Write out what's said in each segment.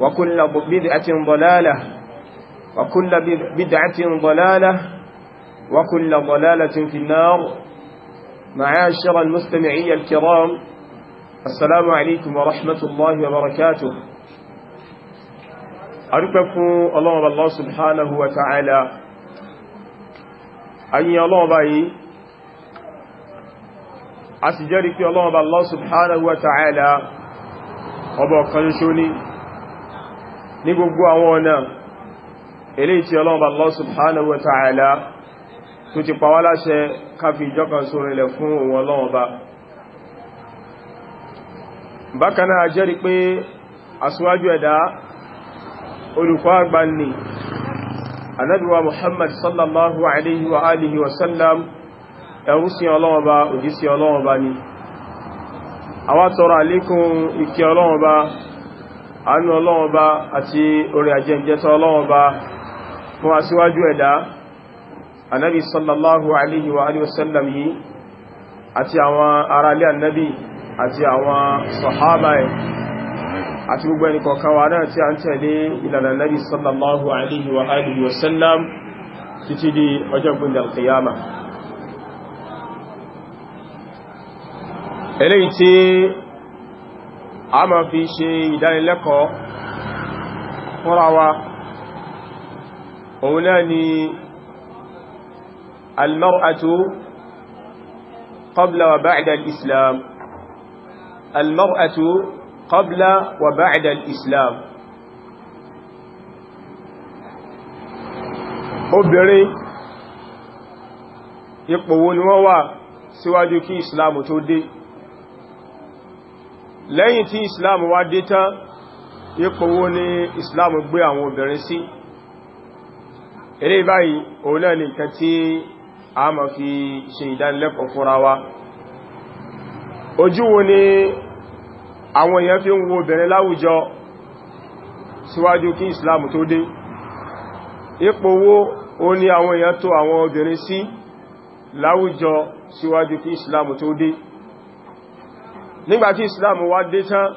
وكل بدعة ضلالة وكل بدعة ضلالة وكل ضلالة في النار معاشر المستمعي الكرام السلام عليكم ورحمة الله وبركاته أركف الله الله سبحانه وتعالى أن الله بأي أسجرك الله الله سبحانه وتعالى أبو قنشوني ní gbogbo àwọn ọ̀nà eléyìí tí ọlọ́ọ̀bà Allah subhanahu wa ta'ala tó ti pa wá láṣẹ káfí ìjọkan sórí ilẹ̀ fún òun ọlọ́ọ̀bà bákan náà jẹ́rìí pé aṣíwájú ẹ̀dá olùkọ́ àgbà ni Ànábì wa Muhammad sallallahu àánú ọlọ́wọ́n bá àti orí àjẹjẹta ọlọ́wọ́n bá fún aṣíwájú ẹ̀dá anábi sallallahu alaihi wa alihi wasallam yìí àti àwọn aráalé annabi àti àwọn sahaba ẹ̀ àti gbogbo ẹni kọ̀ọ̀kan wa náà tí a ń tẹ̀lé ìlànà annabi sallallahu alaihi wa alihi a ma fi ṣe ìdánilẹ́kọ̀ọ́ fúnra wa òun náà ni almar'atu qabla wa ba'da al-islam almar'atu qabla wa ba'da al-islam obìnrin ipò wo wọ́n wà síwájú kí islamu tó dé lẹ́yìn tí islam wá dé tán ipò wo ni islam gbé àwọn obìnrin sí eré báyìí òun náà nìkan tí a ma fi ṣe ìdánilẹ́kọ̀ọ́ fúnra wa ojú wo ni àwọn èèyàn fi ń wo obìnrin láwùjọ síwájú kí islam tó dé ipò wo ó àwọn èèyàn tó àwọn obìnrin sí láwùjọ síwájú kí islam tó dé nígbàtí islam wá dé tán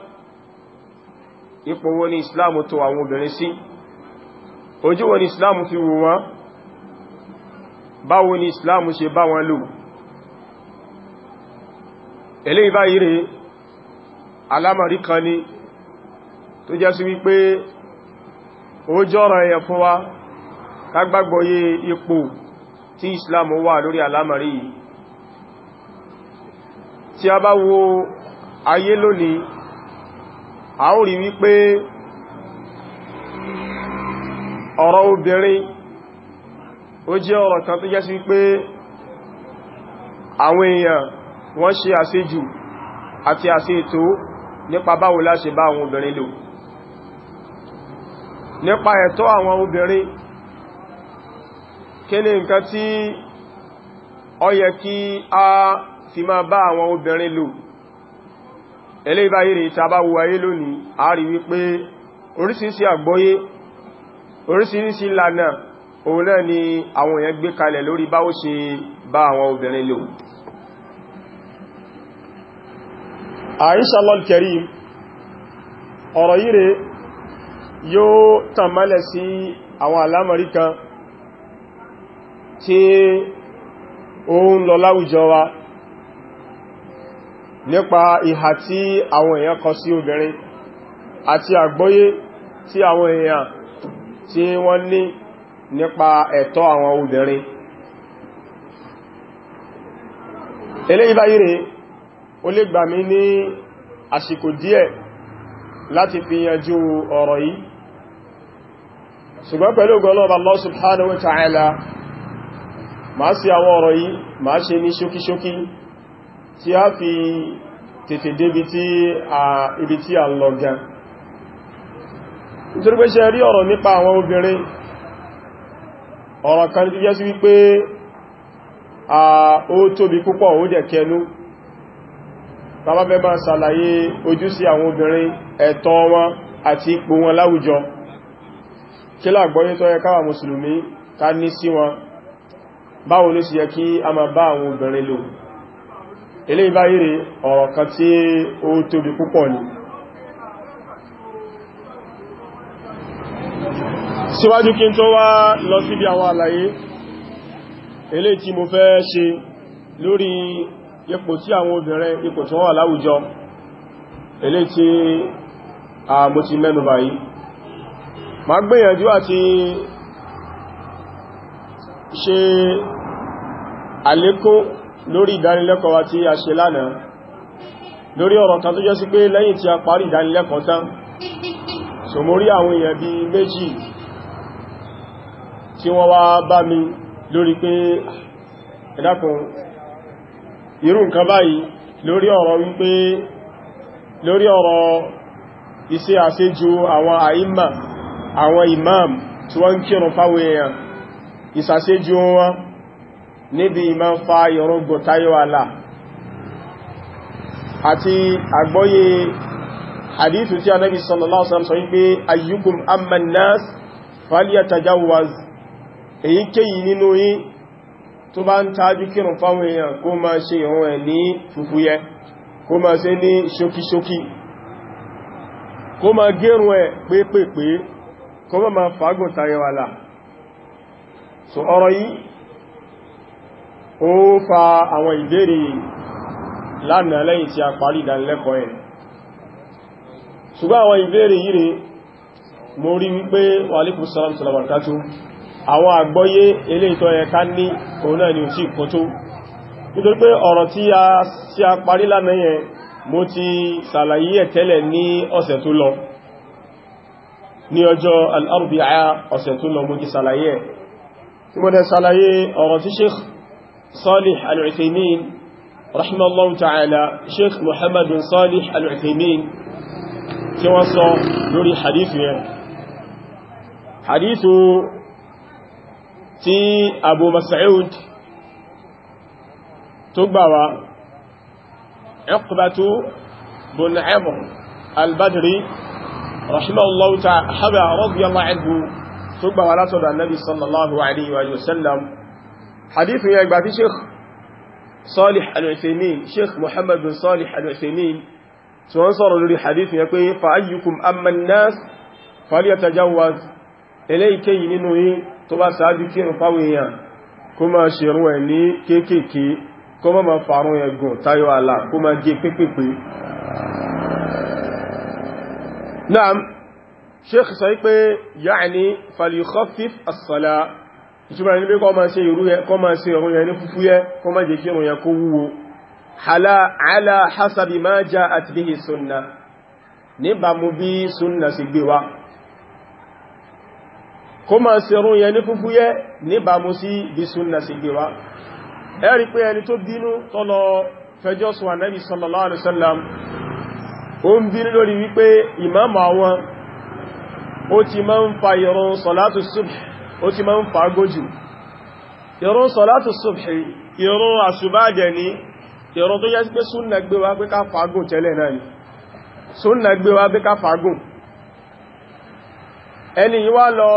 ipò wo ni islam tó àwọn obìnrin sí ojú wo ni islam fi wò wọ́n báwo ni islam ṣe bá wọn lò eléyìí báyìí rẹ̀ alámàrí kan ni tó jẹ́ sí wípé ó jọ́rọ̀ ẹ̀yẹ fún wa ká gbàgbọ́yé ipò tí islam wà lórí alámàrí yìí tí a bá wo ayé lónìí a ó rí wípé ọ̀rọ̀ obìnrin ó jẹ́ ọ̀rọ̀ kan tó jẹ́ sí wípé àwọn èèyàn wọ́n ṣe àṣejù àti àṣe ètò nípa báwo la ṣe bá àwọn obìnrin lò nípa ẹ̀tọ́ àwọn obìnrin kí ni nǹkan tí ó yẹ kí a fi máa bá àwọn obìnrin lò ẹlẹ́ ìbáyìí tàbáwò ayé lónìí a rí wípé oríṣiríṣi àgbọ́yé oríṣiríṣi lànà òun náà ni àwọn èèyàn gbé kalẹ̀ lórí báwo ṣe bá àwọn obìnrin lò Insha Allah Karim ọ̀rọ̀ yìí rẹ̀ yóò tàn málẹ̀ sí àwọn alámọ̀rí kan tí ó ń lọ láwùjọ wa nípa ìhà tí àwọn èèyàn kọ sí obìnrin àti àgbọ́yé tí àwọn èèyàn tí wọ́n ní nípa ẹ̀tọ́ àwọn obìnrin eléyìí báyìí rẹ̀ ó lè gbà mí ní àsìkò díẹ̀ láti fi yanjú ọ̀rọ̀ yìí ṣùgbọ́n pẹ̀lú ọgọ́lọ́bà Allah subhanahu wa ta'ala máa sí àwọn ọ̀rọ̀ yìí máa ṣe ní ṣókíṣókí tí a fi tètè débi tí a ibi tí a lọ gan nítorí pé ṣe rí ọ̀rọ̀ nípa àwọn obìnrin ọ̀rọ̀ kan jẹ́ sí wípé a ó tóbi púpọ̀ ó jẹ́ kẹnu tàbá fẹ́ bá ṣàlàyé ojú sí àwọn obìnrin ẹ̀tọ́ wọn àti ipò wọn láwùjọ kí láàgbọ́yé tó yẹ káwà mùsùlùmí ká báwo ló sì yẹ kí a máa bá àwọn obìnrin lò ilé ìbáyìí ọ̀rọ̀ kan tí ó tóbi púpọ̀ ni síwájú kí n tó wá lọ síbi àwọn àlàyé ilé tí mo fẹ́ ṣe lórí ipò tí àwọn obìnrin ipò tí wọ́n wà ilé tí a mo ti mẹ́nubà yìí ma gbìyànjú àti ṣe àlékún lórí ìdánilẹ́kọ̀ọ́ wa tí a ṣe lánàá lórí ọ̀rọ̀ kan tó jẹ́ sí pé lẹ́yìn tí a parí ìdánilẹ́kọ̀ọ́ tán so mo rí àwọn èèyàn bí méjì tí wọ́n wá bá mi lórí pé ẹ dákun irú nǹkan báyìí lórí ọ̀rọ̀ wípé lórí ọ̀rọ̀ iṣẹ́ àṣejù àwọn àìmà àwọn imam tí wọ́n ń kírun fáwọn èèyàn ìṣàṣejù wọn níbi ìmọ̀ fa yọrọgbọ̀ tayo àlà àti àgbọ́yé hadithu tí Ànábì sallallahu alaihi wasallam sọ wípé ayyukum amman nas falyatajawwaz èyíkéyìí nínú yí tó bá ń tajú kírùn fáwọn èèyàn kó máa ṣe ìrun ẹ̀ ní fùfúyẹ́ kó máa gẹ́rùn ẹ̀ pépèpé kó máa fagùn tayo àlà so ọ̀rọ̀ yìí ó fa àwọn ìbéèrè lánàá lẹ́yìn tí a parí ìdánilẹ́kọ̀ọ́ ẹ̀ ṣùgbọ́n àwọn ìbéèrè yìí rẹ̀ mo rí wípé wàlíkù sàrámù sàlámàkátó àwọn àgbọ́yé eléìtọ́ ẹ ká ní òun náà ni ò tí kò tó nítorí pé ọ̀rọ̀ tí a sí a parí lánàá yẹn mo ti sàlàyé صالح العثيمين رحمه الله تعالى شيخ محمد بن صالح العثيمين توصى لوري حديثه حديثه تي أبو مسعود تقبوا عقبة بن عمرو البدري رحمه الله تعالى حبا رضي الله عنه تقبوا لا تدى النبي صلى الله عليه وسلم hadith yẹn gbà tí sheikh salih al-uthaymin sheikh muhammad bin salih al-uthaymin tí wọ́n sọ̀rọ̀ lórí hadith yẹn pé fa ayyukum amma an-nas falyatajawaz eléyìí nínú yín tó bá sáájú kírun fáwọn èèyàn kó máa ṣerun ẹ̀ ní kéékèèké kó má máa farun ẹ̀gùn tayọ àlà kó máa gé pépèpé naam sheikh sọ pé ya'ni falyukhaffif as-salat ìtumọ̀ ní pé kọ́ máa ṣe ìrú yẹ kọ́ máa ṣe ọ̀run yẹ ní fúfú yẹ kọ́ máa jẹ́ kí ọ̀run yẹ kó wúwo ala hasabi ma ja'at bihi sunna níbàmú bí sunna sì gbé wá kọ́ máa ṣe ọ̀run yẹ ní fúfú yẹ níbàmú sí bí sunna sì gbé wá ẹ rí pé ẹni tó bínú tó lọ fẹjọ́ sùn ànábì sallallahu alaihi wasallam ó ń bínú lórí wípé ìmáàmù ó ti máa ń fagójù ìrun sọ̀látù subhi ìrun àṣùbájẹ̀ ní ìrun tó yẹ́ sí pé súnnà gbé wá pé ká fagùn tẹ́lẹ̀ náà ni súnnà gbé wá pé ká fagùn ẹni yìí wá lọ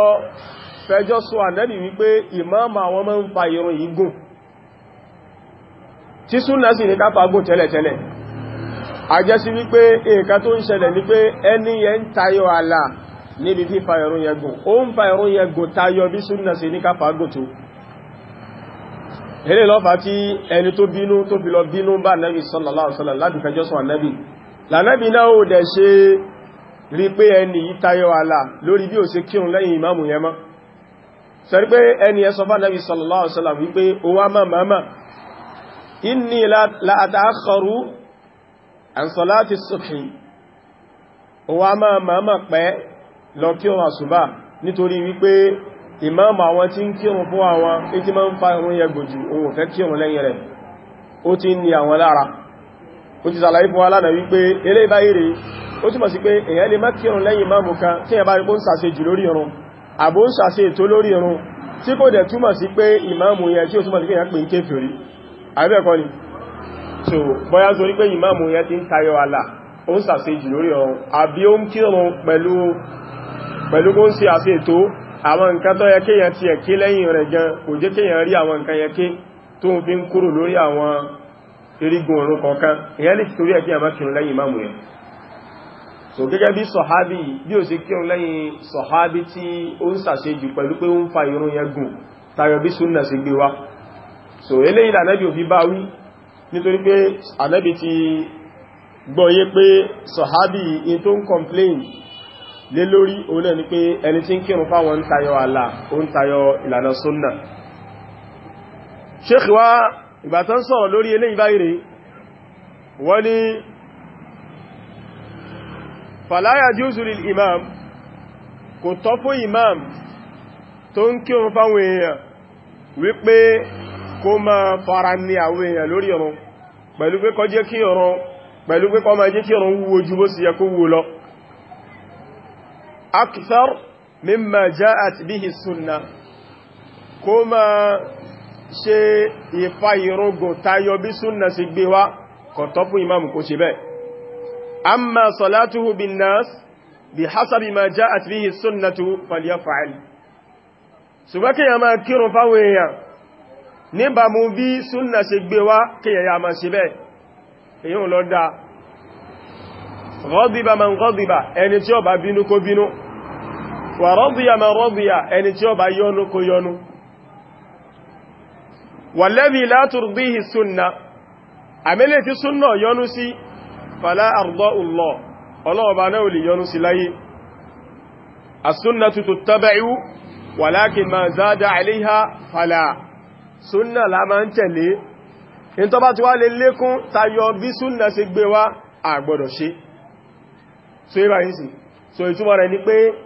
fẹjọ́ sọ ànẹ́bì wípé ìmáàmù àwọn máa ń fa ìrun yìí gùn tí súnnà sì ní ká fagùn tẹ́lẹ̀ àjẹ́sí wípé nǹkan tó ń ṣẹlẹ̀ ní pé ẹni yẹn ń tayọ àlà níbi fífa ẹ̀rún yẹgùn ó ń fa ẹ̀rún yẹgùn tayọ bí súnnà sí ní káfàágùn tó eré lọ́fà tí ẹni tó bínú tó fi lọ bínú bá nẹ́bí sallallahu alaihi wasallam láti fẹjọ́ sùn ànẹ́bí lànẹ́bí náà ó dẹ̀ ṣe rí pé ẹni yí tayọ àlà lórí bí ó ṣe kírun lẹ́yìn ìmáàmù yẹn mọ́ sẹ́rí pé ẹni ẹ sọ bá nẹ́bí sallallahu inni la àtàkọrù an salati subhi òun á máa máa pẹ́ lọ kírun àsùbá nítorí wípé ìmáàmù àwọn tí ń kírun fún àwọn ètí máa ń fa irun yẹ gbòjù òun ò fẹ́ kírun lẹ́yìn rẹ̀ ó ti ń ni àwọn lára ó ti sàlàyé fún alánà wípé eré báyìí rèé ó túnmọ̀ sí pé èyàn lè má kírun lẹ́yìn máàmù kan tí ẹ̀bá rí pó ń sàṣe jù lórí irun so bóyá zorí pé ìmáàmù yẹn ti ń tayọ àlà ó ń sàṣe pẹ̀lú kó ń ṣe àṣẹ ètò àwọn nǹkan tó yẹ kéèyàn ti ẹ̀ké lẹ́yìn rẹ̀ gan kò jẹ́ kéèyàn rí àwọn nǹkan yẹ ké tó ń fi ń kúrò lórí àwọn erigun ọ̀run kọ̀ọ̀kan èyàn lè torí ẹ̀kí àmá kírun lẹ́yìn imáàmù rẹ̀ so gẹ́gẹ́ bí sọ̀hábí bí ó sì kírun lẹ́yìn sọ̀hábí tí ó ń sàṣejù pẹ̀lú pé ó ń fa irun yẹn gùn tayọ bí súnnà sí gbé wá so eléyìí lànẹ́bì ò fi bá wí nítorí pé ànẹ́bì ti gbọ́yé pé sọ̀hábí in tó ń complain lé lórí òun náà ni pé ẹni tí ń kírun fáwọn ń tayọ àlà ó ń tayọ ìlànà súnnà ṣéèkì wá ìbátan sọ̀rọ̀ lórí eléyìí báyìí wọ́n ni fàláyà jùsùlì imam kò tọ́ fún imam tó ń kírun fáwọn èèyàn wípé kó máa fara ní àwọn èèyàn lórí ọ̀run pẹ̀lú pé kó jẹ́ kí ọ̀run pẹ̀lú pé akthar mimma ja'at bihi sunna kó ma ṣe ìfà ìrógò tayọ bí súnnà sí gbé wá kọ̀tọ́ fún imamu kò ṣe bẹ́ amma salatuhu bin nas bi hasabi ma ja'at bihi sunnatu falyaf'al ṣùgbọ́n kí ya ma kírun fáwọn èèyàn níbàmú bí súnnà sí gbé wá kí ya ma ṣe bẹ́ èyí ò lọ dáa ghadiba man ghadiba ẹni tí ó bá bínú kó bínú wà rọ́bíyà ma rọ́bíyà ẹni tí ó bá yọnu kó yọnu wà lẹ́bí látùrùdíhì súnna àmìlẹ̀ tí súnna yọnu sí fàlá àrùdọ́ ulọ́ ọlọ́ọ̀bá náà ò lè yọnu sí láyé as-sunnatu tuttaba'u walakin ma zada 'alayha fala súnna la ń tẹ̀lé in tó ti wá lè lékún tayọ bí súnna ṣe gbé wá àgbọ̀dọ̀ ṣe so ìbáyìí sí so ìtumọ̀ rẹ̀ ni pé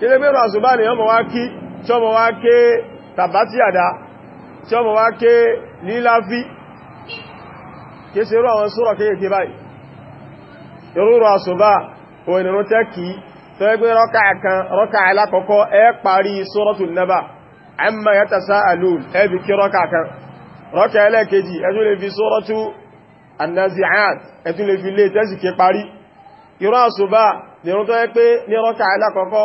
kílé pé ràṣùbá ni ọmọ wá kí tí ọmọ wá ké tàbátíyàdá tí ọmọ wá ké líláfí kí ṣe rú àwọn súrọ̀ kéèké báyìí irú ràṣùbá òyìnrún tẹ́kì tó ẹgbẹ́ rọ́kà kan rọ́kà alákọ̀ọ́kọ́ ẹ parí ba lè fi fi tó yẹ pé ní alákọ̀ọ́kọ́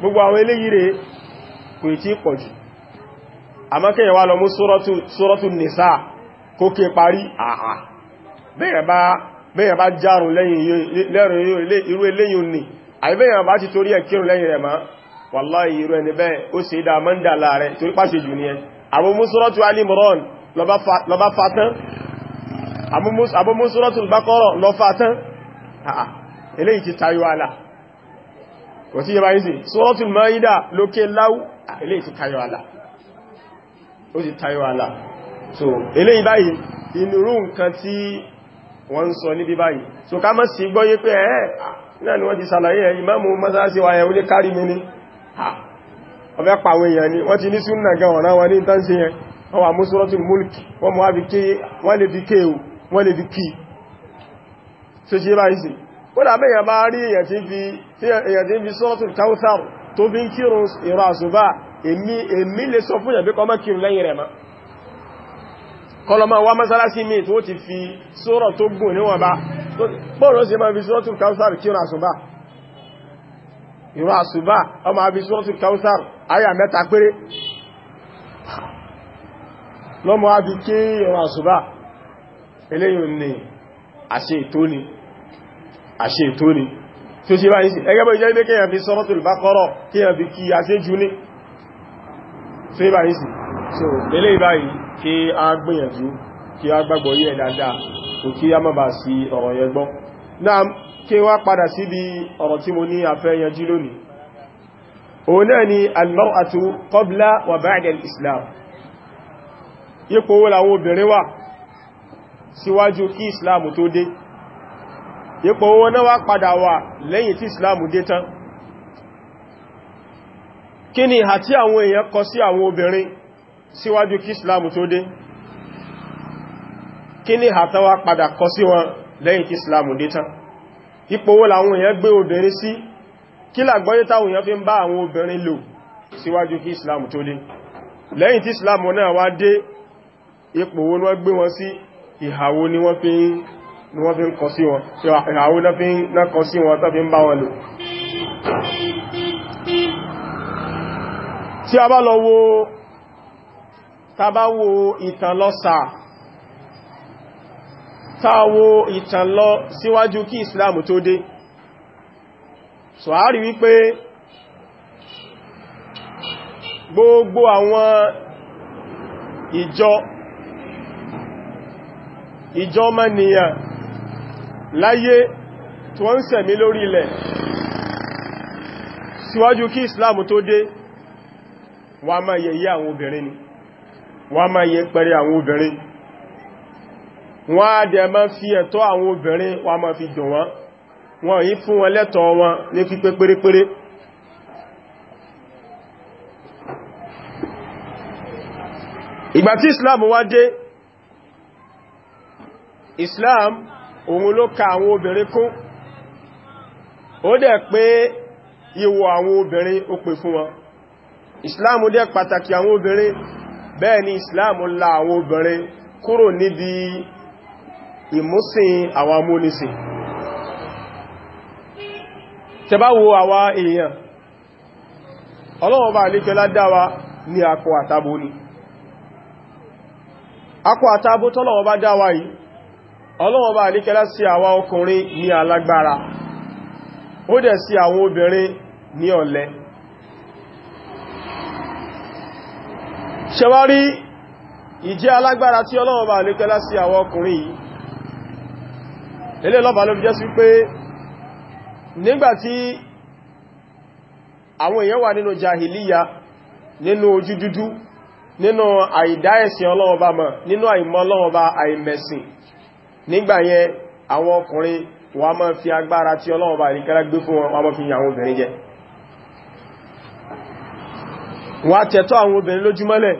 gbogbo àwọn eléyìí rẹ̀ kò tí pọ̀ jù àmọ́kẹ́yẹ̀ wá lọ mú sórọ́tù nìsá kó ké parí àà bẹ́yẹ̀ bá járùn lẹ́yìn irú eléyìn ní àìbẹ́yẹ̀ bá ti torí ẹ̀ kírùn lẹ́yìn rẹ̀ ma wàláhì irú ẹni bẹ́ẹ̀ ó sì dá mọ́ndà láàrẹ torí pàṣẹ jù ní ẹ àbúmúsúrọ́tù alimoran lọba fatán àbúmúsúrọ́tù bakọ́rọ̀ lọ eléyìí ti tayo ala kò tí yẹ bá yìí Suratul Maida lókè láwú ilé ti tayọ àlà ó ti tayọ àlà so eléyìí báyìí inúrú nǹkan tí wọ́n ń sọ níbi báyìí so ká mọ́ sí gbọ́yé pé ẹ̀ náà ni wọ́n ti sàlàyé ẹ̀ ìmáàmù mọ́sáàsí wa ẹ̀ olé kárí mi ní ọ̀fẹ́ pàwọn èèyàn ni wọ́n ti ní súnnà gan ọ̀rán wọn ní ìtànsí mú Suratul so ṣe báyìí sí kódà bẹ́yàn bá rí tí èyàn tí ń fi sọ́tù Kawthar tó fi ń kírun ìrọ̀ àṣùbá èmi lè sọ fún ìyàbí kọmọ́ kírun lẹ́yìn rẹ̀ ma kọlọmọ wá mọ́sálásí mi tó ti fi sọ́rọ̀ tó gùn níwọ̀n bá pọ́ọ̀rọ̀ sí máa fi sọ́tù Kawthar kírun àṣùbá ìrọ̀ àṣùbá ọmọ àbí sọ́tù Kawthar ayà mẹ́ta péré lọ́mọ àbí kí ìrọ̀ àṣùbá eléyìn ni àṣẹ ìtóni àṣẹ ìtóni tí ó ṣe báyìí sí ẹgbẹ́ ìjẹ́ ilé kíyàn fi suratul Baqara kíyàn fi kí àṣẹ́jú ní tí ó báyìí sí so ilé ìbáyìí kí a gbìyànjú kí a gbàgbọ́ yẹ dáadáa kò kí a má bà sí ọ̀rọ̀ yẹn gbọ́ náà kí wá padà síbi ọ̀rọ̀ tí mo ní afẹ́ yanjú lónìí ipò wọn náà wá padà wà lẹ́yìn tí islam dé tán kí ni ìhà tí àwọn èèyàn kọ sí àwọn obìnrin síwájú kí islam tó dé kí ni ìhà tán wá padà kọ sí wọn lẹ́yìn tí islam dé tán ipò wọn làwọn èèyàn gbé obìnrin sí kí làgbọ́yé táwọn èèyàn fi ń bá àwọn obìnrin lò síwájú kí islam tó dé lẹ́yìn tí islam náà wá dé ipò wọn gbé wọn sí ìhà ni wọ́n fi ń ni wọ́n fi ń kọ sí wọn tí ìràwó náà kọ sí wọn tàbí ń bá wọn lò tí a bá lọ wo tàbá wo ìtàn lọ sáà táwo ìtàn lọ síwájú kí ìsìláàmù tó dé so a rí wípé gbogbo àwọn ìjọ ìjọ mẹ́niyàn láyé tí wọ́n ń sẹ̀mí lórí ilẹ̀ síwájú kí islam tó dé wọ́n a máa yẹ yí àwọn obìnrin ni wọ́n a máa yẹ pẹ̀rẹ àwọn obìnrin wọ́n a dẹ̀ máa fi ẹ̀tọ́ àwọn obìnrin wọ́n máa fi dùn wọ́n wọ́n yí fún wọn lẹ́tọ̀ wọn ní fi pé ìgbà tí islam wá dé islam òun ló ka àwọn obìnrin kún ó dẹ̀ pé ìwọ̀ àwọn obìnrin ó pè fún wọn islam dẹ̀ pàtàkì àwọn obìnrin bẹ́ẹ̀ ni islam la àwọn obìnrin kúrò níbi ìmúsìn àwọn amúnisìn tẹbá wo àwa èèyàn ọlọ́wọ́n bá àlékẹ́ ládáwa ní akọ àtabo ni akọ àtabo tọ́lọ́wọ́ bá dáwa yìí ọlọ́wọ́n bá àríkẹ́lá sí àwa ọkùnrin ní alágbára ó dẹ̀ sí àwọn obìnrin ní ọ̀lẹ ṣẹwárí ìjẹ́ alágbára tí ọlọ́wọ́n bá àríkẹ́lá sí àwa ọkùnrin yìí ilé lọ́bàá ló fi jẹ́ sí pé nígbàtí àwọn èèyàn wà nínú jahiliya nínú ojú dúdú nínú àìdá ẹ̀sìn ọlọ́wọ́ba mọ̀ nínú àìmọ́ ọlọ́wọ́ba àìmẹ̀sìn nígbà yẹn àwọn ọkùnrin wọ́n máa fi agbára tí Ọlọ́run bá ìrìnkẹ́lá gbé fún wọn wọ́n fi àwọn obìnrin jẹ wọ́n tẹ̀tọ́ àwọn obìnrin lójúmọ́lẹ̀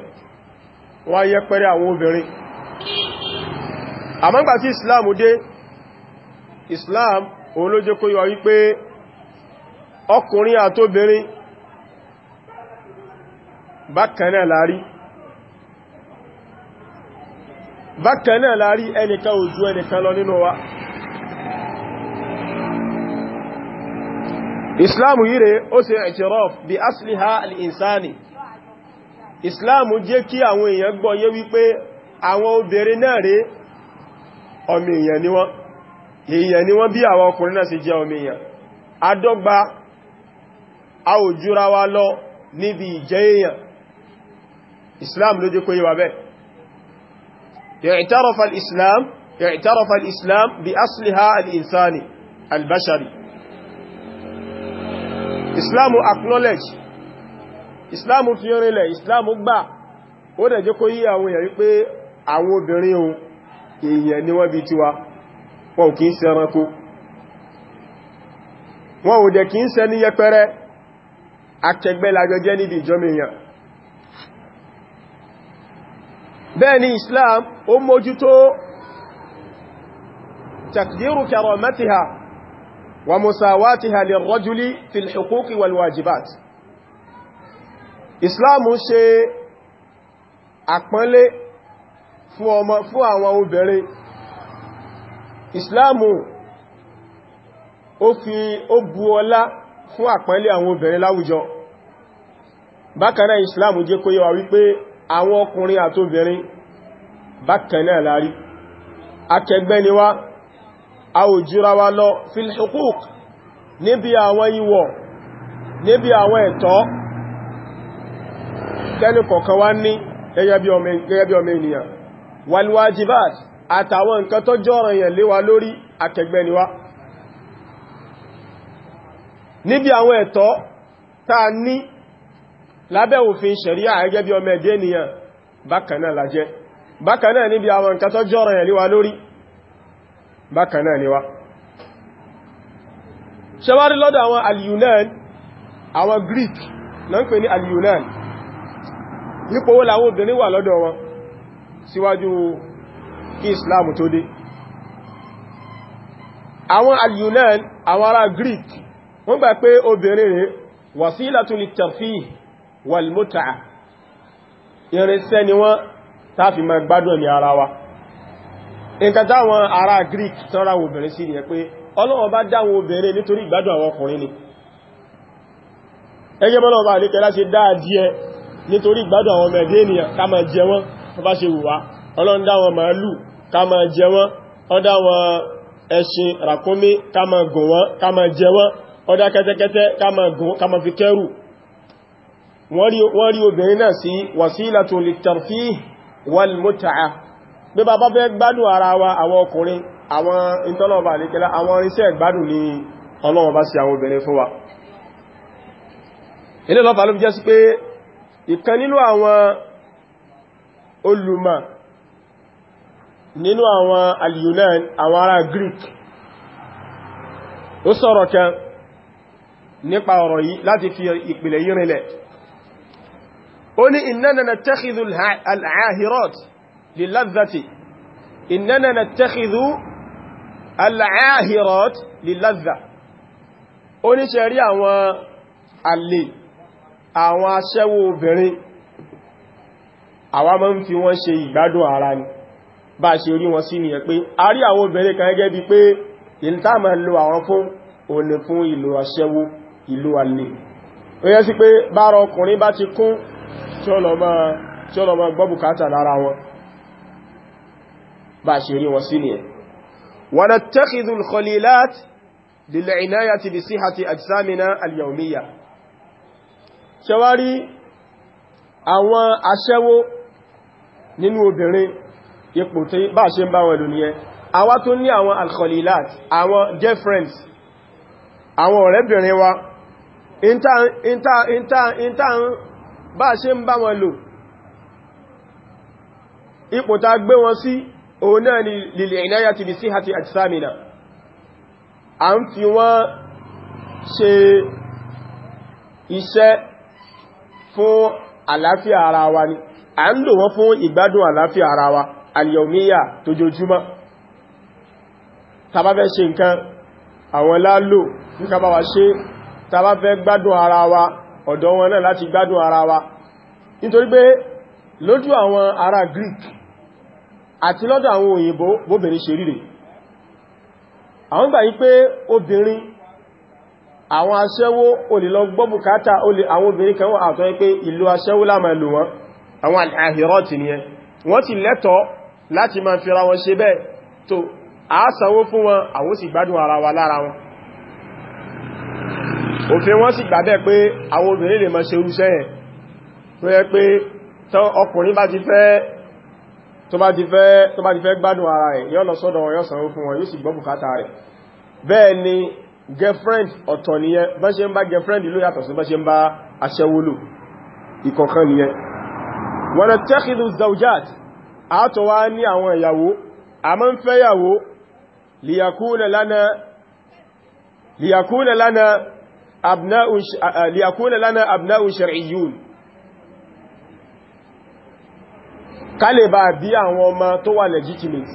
wọ́n yẹpẹrẹ àwọn obìnrin àmọ́gbà tí Islam dé Islam òun ló jẹ́ kó yọ wípé ọkùnrin àtóbìnrin bákan náà bákan náà lárí ẹnìkan ò ju ẹnìkan lọ nínú wa islamu yìí rẹ̀ ó ṣe i'tiraf bí asliha al-insani islamu jẹ́ kí àwọn èèyàn gbọ́yé wípé àwọn obìnrin náà rẹ̀ ọmọ èèyàn ni wọ́n èèyàn ni wọ́n bí àwọn ọkùnrin náà sì jẹ́ ọmọ èèyàn adọ́gba a wa lọ níbi ìjẹ́ èèyàn islam ló jẹ́ kó yé bẹ́ẹ̀ اعترف الإسلام اعترف الإسلام بأصلها الإنساني البشري Islam acknowledge Islam fi rinlẹ̀ Islam gbà ó dẹ̀ jẹ́ kó yí àwọn èèyàn wípé àwọn obìnrin ohun èèyàn ni wọ́n bí tiwa wọn ò kí ń ṣẹranko wọn ò dẹ̀ kí ń ṣe ní yẹpẹrẹ akẹgbẹ́ lájọ jẹ́ níbi ìjọmìyàn bẹ́ẹ̀ ni Islam ó mójútó takdiru karamatiha wa musawatiha lirrajuli fil huquqi wal wajibat Islam ṣe àpọ́nlé fún ọmọ fún àwọn obìnrin Islam ó fi ó bu ọlá fún àpọ́nlé àwọn obìnrin láwùjọ bákan Islam jẹ́ kó yé wípé àwọn ọkùnrin àtobìnrin bákan náà lárí akẹgbẹ́ ni wá a ò jíra wa lọ fil huquq níbi àwọn ìwọ̀ níbi àwọn ẹ̀tọ́ tẹ́lù kọ̀ọ̀kan wá ní gẹ́gẹ́ bí ọmọ ènìyàn wal wajibat àtàwọn nǹkan tó jọ́rọ̀ yẹn léwa lórí akẹgbẹ́ ni wá níbi àwọn ẹ̀tọ́ tá ní lábẹ́ òfin ṣẹ̀ríà gẹ́gẹ́ bí ọmọ ẹ̀dẹ́ ènìyàn bákanáà lájẹ́ bákanáà níbi àwọn nǹkan tó jọ́rọ̀ yẹ̀ líwa lórí bákanáà níwá ṣẹwárí lọ́dọ̀ àwọn al àwọn Greek na ń pè ní al-Yunan nípo wó láwọn obìnrin wà lọ́dọ̀ wọn síwájú kí Islam tó dé àwọn al àwọn ará Greek wọ́n gbà pé obìnrin rẹ̀ wàsílátù lit wàlmútà irinṣẹ́ ni wọ́n tàfi ma gbádùn ní ara wa nǹkan táwọn ará Greek tọ́ra obìnrin sí nìyẹn pé Ọlọ́run bá dáwọn obìnrin nítorí ìgbádùn àwọn ọkùnrin ni ẹgbẹ́ bọ́lọ́wọ́ bá lékẹ́ láti dáadíẹ nítorí ìgbádùn àwọn ọmọ ẹ̀dẹ́ ènìyàn ká máa jẹ wọ́n tó bá ṣe wùwá Ọlọ́run dáwọn màálù ká máa jẹ wọ́n ọdáwọn ẹṣin ràkúnmí ká máa gùn wọ́n ká ọdá kẹ́tẹ́kẹ́tẹ́ ká gùn ká fi kẹ́rù wọ́n rí obìnrin náà sí wasilatun lit-tarfih wal-mut'ah bí bá bá fẹ́ gbádùn ara wa àwọn ọkùnrin àwọn ìtọ́lọ̀bà àríkẹ́lá àwọn irinṣẹ́ ìgbádùn ní Ọlọ́run sí àwọn obìnrin fún wa ilé lọ́fà ló fi pé ìkan nínú àwọn olùmọ̀ nínú àwọn al àwọn ará Greek ó sọ̀rọ̀ kan nípa ọ̀rọ̀ yìí láti fi ìpìlẹ̀ yìí rinlẹ̀ ó ní innana nattakhidhu al-aahirat lil-ladhati innana nattakhidhu al-aahirat lil-ladha ó ní ṣe rí àwọn àlè àwọn aṣẹ́wó obìnrin àwọn máa ń fi wọ́n ṣe ìgbádùn ara ni bá ṣe rí wọn sí ni ẹ̀ pé a rí àwọn obìnrin kan gẹ́gẹ́ bí pé ìlítà lo àwọn fún òní fún ìlò aṣẹ́wó ìlò àlè ó yẹ sí pé bára ọkùnrin bá ti kún tí ó lọ máa gbọ́ bùkátà lára wọn bá ṣe rí wọn sí ni ẹ̀ wa nattakhidhu al-khalilat lil-inayati bi sihhati ajsamina al-yawmiyya ṣẹwárí àwọn aṣẹ́wó nínú obìnrin ipò tí bá ṣe ń bá wọn lò ẹ àwa tó ní àwọn al àwọn girlfriends àwọn ọ̀rẹ́bìnrin wa bá ṣe ń bá wọn lò ipò gbé wọn sí òun náà ni lìlẹ̀ ìnáyà ti bí sí àti àtìsámìnà a ń fi wọ́n ṣe iṣẹ́ fún àlàáfíà ara wa ni a ń lò wọ́n fún ìgbádùn àlàáfíà ara wa aliyomiyya tójójúmọ́ tàbá fẹ́ ṣe nǹkan àwọn lálò ní ká bá wa ṣe tàbá fẹ́ gbádùn ara wa ọ̀dọ̀ wọn náà láti gbádùn ara wa nítorí pé lójú àwọn ará Greek àti lọ́dọ̀ àwọn òyìnbó bóbìnrin ṣe ríre àwọn gbà yí pé obìnrin àwọn aṣẹ́wó olèlọ gbọ́bùkátà àwọn obìnrin kan wọ́n àtọ́ pé ìlú aṣẹ́wó láàmà ìlú wọn àwọn àhìrọ́tì ni ẹ wọ́n ti lẹ́tọ̀ láti máa fira wọn ṣe bẹ́ẹ̀ tó àásanwó fún wọn àwọn sì gbádùn ara wa lára wọn òfin wọ́n sì gbàbẹ́ pé àwọn obìnrin lè máa ṣe irúṣẹ́ ẹ̀ tó yẹ pé tán ọkùnrin bá ti fẹ́ tó bá ti fẹ́ gbádùn ara rẹ̀ yóò lọ sọ́dọ̀ wọn yóò sanwó fún wọn yóò sì gbọ́ bùkátà rẹ̀ bẹ́ẹ̀ ni girlfriend ọ̀tọ̀ nìyẹn bá ṣe ń bá girlfriend ló yàtọ̀ sí bá ṣe ń bá aṣẹ́wó lò ìkọ̀kan nìyẹn wọ́n tẹ́kìdù zaujat àátọ̀ wá ní àwọn ìyàwó a mọ́ ń fẹ́ yàwó liyakuna lana أبناء ليكون لنا أبناء شرعيون kálẹ̀ bá bí àwọn ọmọ tó wà legitimate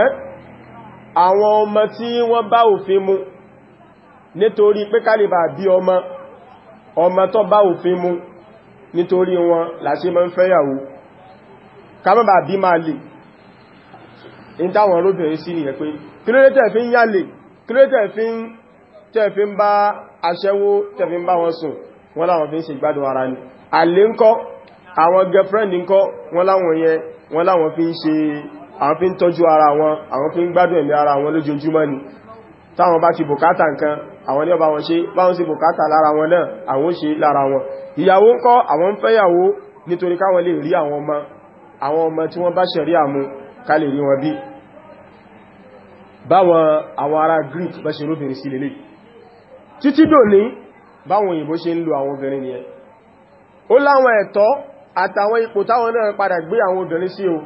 ẹ́ àwọn ọmọ tí wọ́n bá òfin mu nítorí pé kálẹ̀ bá bí ọmọ ọmọ tó bá òfin mu nítorí wọn làṣẹ mọ́ ń fẹ́yàwó kàmọ́ bá bí máa lè ní táwọn olóbìnrin sí ni ẹ̀ pé kílódé fi ń yálè kílódé fi ń tẹ́fí ń bá aṣẹ́wó tẹ́fí ń bá wọn sùn wọ́n láwọn fi ń ṣe ìgbádùn ara ní àlè ńkọ́ àwọn girlfriend ńkọ́ wọ́n láwọn yẹn wọ́n láwọn fi ń ṣe àwọn fi ń tọ́jú ara wọn àwọn fi ń gbádùn ẹ̀mí ara wọn lójoojúmọ́ ni táwọn bá ti bùkátà nǹkan àwọn ní ọba wọn ṣe báwọn sí bùkátà lára wọn náà àwọn ṣe lára wọn ìyàwó ńkọ́ àwọn ń fẹ́yàwó nítorí káwọn lè rí àwọn ọmọ àwọn ọmọ tí wọ́n bá ṣẹ̀rí àmú ká lè rí wọn bí báwọn àwọn ará Greek bá ṣe lóbìnrin sí lélẹ́yìí títí dòní báwọn òyìnbó ṣe ń lo àwọn obìnrin nìyẹn ó láwọn ẹ̀tọ́ àtàwọn ipò táwọn náà padà gbé àwọn obìnrin sí o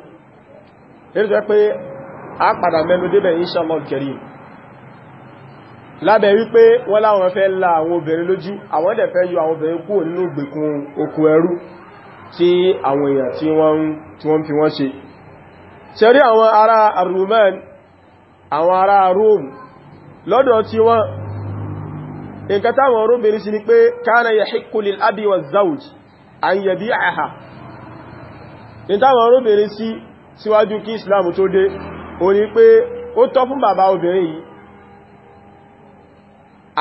lẹ́rẹ́ pé a padà mẹ́nu débẹ̀ inshallah kẹrì lábẹ̀ wípé wọ́n láwọn fẹ́ la àwọn obìnrin lójú àwọn dẹ̀ fẹ́ yọ àwọn obìnrin kúrò nínú ìgbèkùn okùn ẹrú tí àwọn èèyàn tí wọ́n fi wọ́n ṣe ṣẹ́rí àwọn ará Roman àwọn ará Rome lọ́dọ̀ tí wọ́n nǹkan táwọn orúbìnrin sí ni pé kana yahiqqu lil abi wa zawj an yabi'aha ní táwọn orúbìnrin sí síwájú kí islam tó dé o ní pé ó tọ́ fún bàbá obìnrin yìí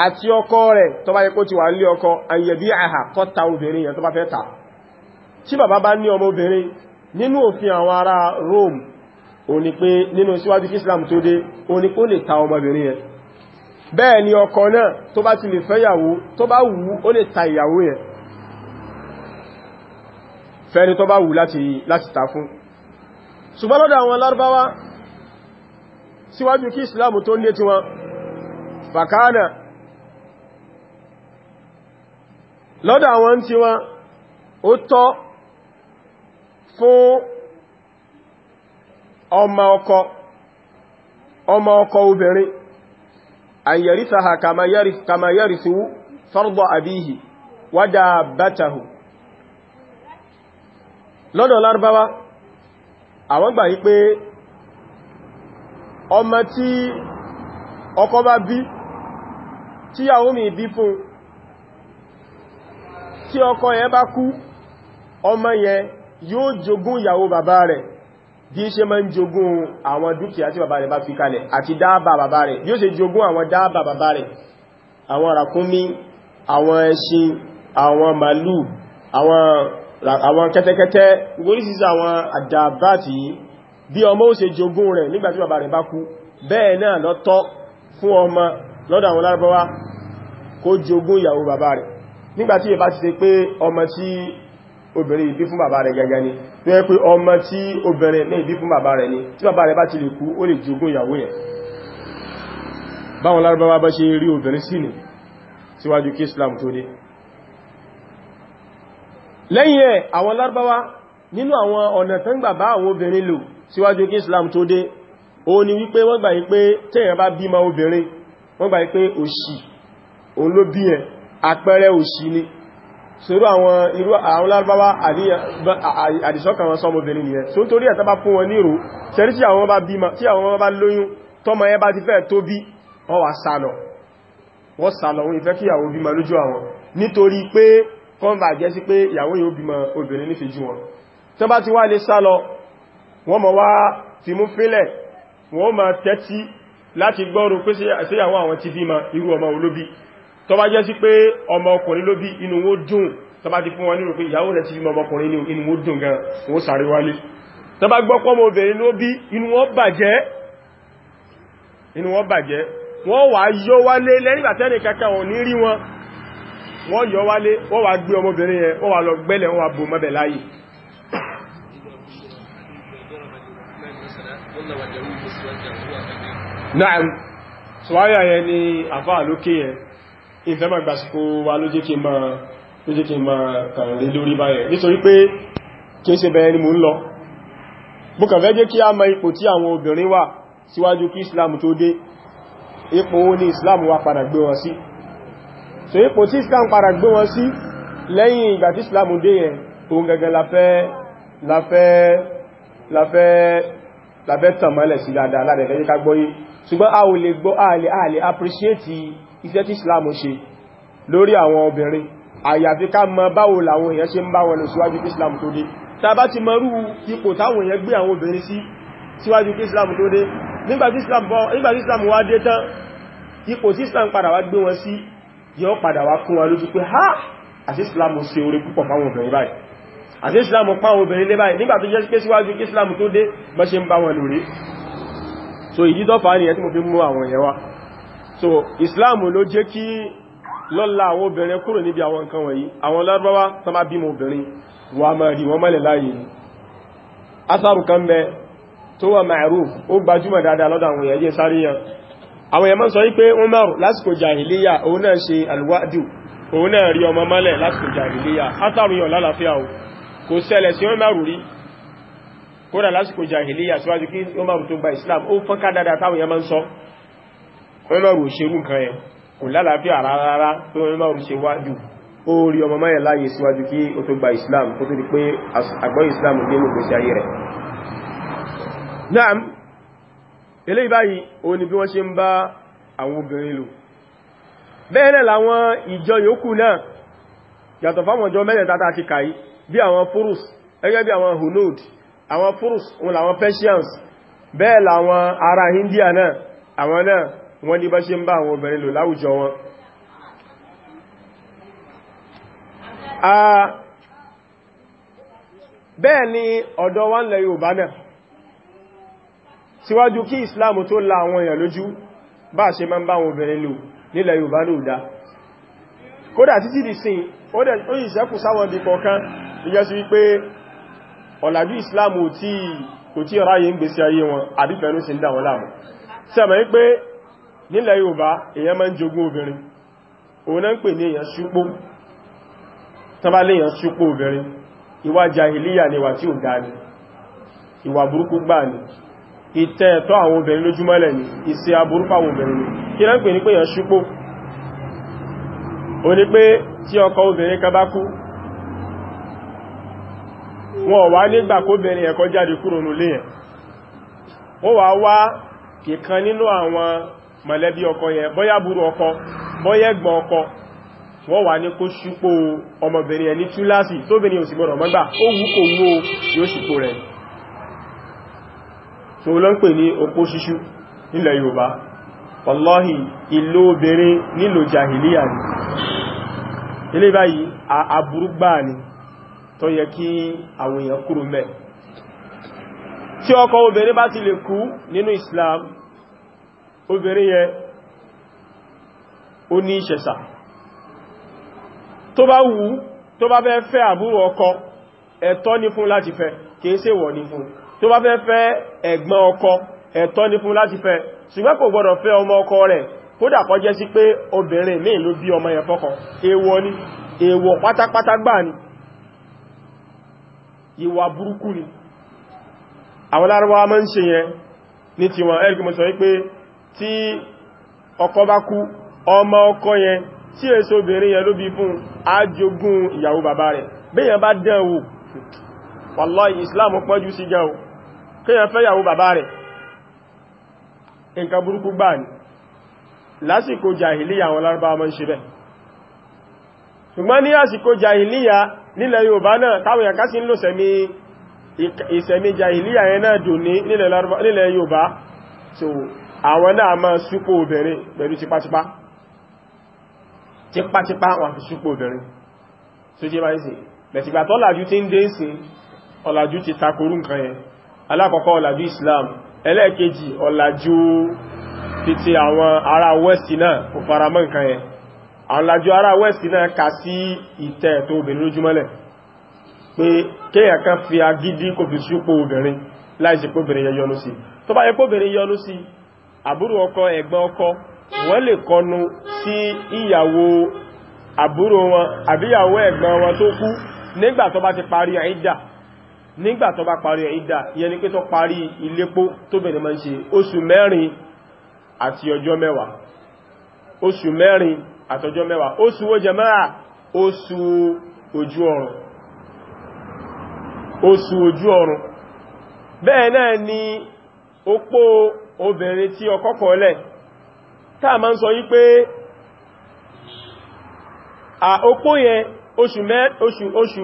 àti ọkọ rẹ̀ tó bá ti wà ọkọ an aha kó ta obìnrin yẹn tó bá fẹ́ ta Rome o ní pé islam bẹ́ẹ̀ ni ọkọ náà tó bá ti lè fẹ́yàwó tó bá wù ó lè ta ìyàwó yẹn fẹ́ni tó bá wù láti ta fún ṣùgbọ́n lọ́dọ̀ àwọn Lárúbáwá síwájú kí Islam tó lé tí wọn fàkánà lọ́dọ̀ àwọn tí wọn ó tọ́ fún ọmọ ọkọ ọmọ an yarithaha kama yarith kama yarithu farda abihi wa dabbatahu lọ́dọ̀ Lárúbáwá àwọn gbà yí pé ọmọ tí ọkọ bá bí tí yàwó mi bí fún tí ọkọ yẹn bá kú ọmọ yẹ yóò jogún yàwó bàbá rẹ̀ bí ṣe máa ń jogún àwọn dúkìá tí bàbá rẹ̀ bá fi kalẹ̀ àti dáàbà bàbá rẹ̀ bí ó ṣe jogún àwọn dáàbà bàbá rẹ̀ àwọn ràkúnmí àwọn ẹṣin àwọn màálù àwọn kẹ́tẹ́kẹ́tẹ́ oríṣiríṣi àwọn àdàbàtì bí ọmọ ó ṣe jogún rẹ̀ nígbàtí bàbá rẹ̀ bá kú bẹ́ẹ̀ náà ló fún ọmọ lọ́dọ̀ àwọn Lárúbáwá kó jogún ìyàwó bàbá rẹ̀ nígbàtí ìbá ti pé ọmọ tí obìnrin ìbí fún bàbá rẹ̀ gẹ́gẹ́ ni tó yẹ pé ọmọ tí obìnrin ní ìbí fún bàbá rẹ̀ ni tí bàbá rẹ̀ bá ti lè kú ó lè jogún ìyàwó yẹn báwọn lárúbáwá bá ṣe rí obìnrin sí ni síwájú kí Islam tó dé lẹ́yìn ẹ̀ àwọn lárúbáwá nínú àwọn ọ̀nà tán gbà bá àwọn obìnrin lò síwájú kí Islam tó dé ó ní wípé wọ́n gbà yín pé téèyàn bá bímọ obìnrin wọ́n gbà yín pé òṣì òun ló bí yẹn àpẹẹrẹ òṣì ni sọ̀rọ̀ àwọn irú àwọn lárúbáwá àdìsọ́kà wọn sọmọbìnrin nìyẹn so torí ẹ̀ tọ́bá fún wọn nírò ṣẹ́rí tí àwọn bá bímọ tí àwọn bá lóyún tọ́mọ ẹ bá ti fẹ́ tó bí wọ́n wà sálọ wọ́n sálọ wọ́n ìfẹ́ kí ìyàwó bímọ lójú àwọn nítorí pé kọ́nbà jẹ́ sí pé ìyàwó yóò bímọ obìnrin nífẹ̀ẹ́ jù wọn tó bá jẹ́ sí pé ọmọ ọkùnrin ló bí inú ó dùn tó bá ti fún wọn nírò pé ìyàwó rẹ̀ ti bí ọmọkùnrin ní inú ó dùn gan ó sáré wálé tó bá gbọ́ pọ́mọ obìnrin ló bí inú wọn bàjẹ́ inú wọn bàjẹ́ wọ́n wá yọ wálé lẹ́yìngbà tẹ́nì kankan yẹn ni àfáà lókè yẹn ìfẹ́mà gbàsìkò wa ló jẹ́ kí ma ló jẹ́ kí ma kàrìnlẹ̀ lórí báyẹ̀ nítorí pé kí n ṣe bẹ̀rẹ̀ ni mò ń lọ bó kàn fẹ́ jẹ́ kí a mọ ipò tí àwọn obìnrin wà síwájú kí islam tó dé ipò ó ní islam wá padà gbé wọn sí so ipò tí islam padà gbé wọn sí lẹ́yìn ìgbà tí islam dé yẹn ohun la fẹ́ la la fẹ́ la fẹ́ tàn mọ́lẹ̀ sí dáadáa ládẹ̀ẹ́fẹ́ ká gbọ́yé ṣùgbọ́n a ò lè gbọ́ a lè appreciate iṣẹ́ tí islam ṣe lórí àwọn obìnrin àyàfi ká mọ báwo làwọn èèyàn ṣe ń bá wọn lò síwájú kí islam tó dé tàbá ti mọrú ipò táwọn èèyàn gbé àwọn obìnrin sí síwájú kí islam tó dé nígbàtí islam wá dé tán ipò tí islam padà wá gbé wọn sí yóò padà wá kún wa lójú pé ha àti islam ṣe oore púpọ̀ fáwọn obìnrin báyìí àti islam pa àwọn obìnrin lé báyìí nígbà tó jẹ́ pé síwájú kí islam tó dé bọ́ so ìdí tó fà á nìyẹn tí mo so islam ló jẹ́ kí lọ́la àwọn obìnrin kúrò níbi àwọn nǹkan wọ̀nyí àwọn lárúbáwá tán bá bímọ obìnrin wà máa rí wọn mọ́lẹ̀ láàyè asáàrù kan bẹ tó wà ma'ruf ó gbajúmọ̀ dáadáa lọ́dọ̀ àwọn èèyàn jẹ́ sáré yan àwọn èèyàn máa sọ wípé Umar lásìkò jahiliya òun náà ṣe alwadu òun kódà lásìkò jahiliya síwájú kí Umar tó gba Islam ó fọ́nká dáadáa táwọn èèyàn ń sọ Umaru ṣerú nǹkan yẹn kò lálàáfíà rárá pé Umaru ṣe wájú ó rí ọmọ máyẹ̀ láyé síwájú kí ó tó gba Islam kó tó di pé àgbọ́ Islam dé ní ìgbésí ayé rẹ̀ naam eléyìí báyìí ó ní bí wọ́n ṣe ń bá àwọn obìnrin lò bẹ́ẹ̀ náà ìjọ yòókù náà yàtọ̀ fáwọn ọjọ́ wọ́n ní bá ṣe ń bá àwọn obìnrin lò láwùjọ wọn bẹ́ẹ̀ ni ọ̀dọ̀ wa nílẹ̀ Yorùbá náà síwájú kí Islam tó la àwọn èèyàn lójú bá ṣe máa ń bá àwọn obìnrin lò nílẹ̀ Yorùbá náà dá kódà títí di sin ó yìí ṣẹ́kù sáwọn ibi kọ̀ọ̀kan ìyẹ́ sí wípé ọ̀làjú Islam ò tí ráyé ń gbèsè ayé wọn àbífẹ́nú sí ń dá wọn láàmú sẹ́mọ̀ wípé nílẹ̀ Yorùbá èyàn máa ń jogún obìnrin òun náà ń pè ní èyàn ṣúpó tánbá léyàn ṣúpó obìnrin ìwà jahiliya ni ìwà tí ò dáa ni ìwà burúkú gbà ni ìtẹ́ ẹ̀tọ́ àwọn obìnrin lójúmọ́lẹ̀ ni ìṣẹ́ aburúkú àwọn obìnrin ni kí náà ń pè ní pé èyàn ṣúpó ó ní pé tí ọkọ obìnrin kan bá kú wọn wá nígbà kóbìnrin ẹ̀kọ́ jáde kúrò nílé ẹ̀ wọ́n nínú àwọn mọ̀lẹ́bí ọkọ yẹn bóyá burú ọkọ bóyá ẹ̀gbọ́n ọkọ wọ́n wà ní kó ṣúpó ọmọbìnrin ẹni túláàsì tóbìnrin ò sì gbọ́dọ̀ mọ́gbà ó wú kò wó yóò ṣùpó rẹ̀ tó lọ ń pè ní opó ṣíṣú nílẹ̀ Yorùbá wallahi ìlò obìnrin nílò jahiliya ni ilé báyìí ni tó obìnrin bá ti lè kú nínú Islam obìnrin yẹn ó ní ìṣẹ̀ṣà tó bá wù tó bá fẹ́ fẹ́ àbúrò ọkọ ẹ̀tọ́ ní fún láti fẹ́ kìí ṣe wọ̀ ní fún tó bá fẹ́ fẹ́ ẹ̀gbọ́n ọkọ ẹ̀tọ́ ní fún láti fẹ́ ṣùgbọ́n kò gbọdọ̀ fẹ́ ọmọ ọkọ rẹ̀ kódà kó jẹ́ sí pé obìnrin míì ló bí ọmọ yẹn fọ́kọ èèwọ̀ ni èèwọ̀ pátápátá gbà ni ìwà burúkú ni àwọn lárúbáwá máa ń ṣe yẹn ní tiwọn ẹgbẹ̀mọ̀sọ̀ wípé tí ọkọ bá kú ọmọ ọkọ yẹn tí èso obìnrin yẹn ló bí fún ajogún ìyàwó bàbá rẹ̀ bíyàn bá dán wò wàláhì islam pọ́njú sí gan o kíyàn fẹ́ ìyàwó bàbá rẹ̀ nǹkan burúkú gbà ní lásìkò jahiliya àwọn lárúbáwá máa ń ṣe bẹ́ẹ̀ ṣùgbọ́n ní àsìkò jahiliya nílẹ̀ yorùbá náà táwọn yàká sí ń lò sẹ́mi ìsẹ̀mí jahiliya yẹn náà dùn ní nílẹ̀ yorùbá so àwọn náà máa súpò obìnrin pẹ̀lú tipátipá tipátipá wà fi súpò obìnrin tó jẹ́ báyìí sí bẹ̀tìgbà tó làjú tí ń dé sí ọ̀làjú ti takorú nǹkan yẹn alákọ̀ọ́kọ́ ọ̀làjú Islam ẹlẹ́ẹ̀kejì ọ̀làjú títí àwọn ará west náà kò faramọ́ nǹkan yẹn àwọn làjú ará west náà kà sí ìtẹ́ tó obìnrin lójúmọ́lẹ̀ pé kéèyàn kan fi agídí kò fi súpò obìnrin láìsí pé obìnrin yẹn yọnu sí tó bá yẹ pé obìnrin yọnu sí àbúrò ọkọ ẹ̀gbọ́n ọkọ wọ́n lè kọnu sí ìyàwó àbúrò wọn àbíyàwó ẹ̀gbọ́n wọn tó kú nígbà tó bá ti parí àìdà nígbà tó bá parí àìdà yẹn ni pé tó parí ilépo tó bẹ̀rẹ̀ máa ń ṣe oṣù mẹ́rin àti ọjọ́ mẹ́wàá oṣù mẹ́rin àtọjọ́ mẹ́wàá ni opó obìnrin tí ọkọ kọ̀ọ́lẹ̀ táà máa ń sọ yí pé àopó yẹn oṣù oṣù oṣù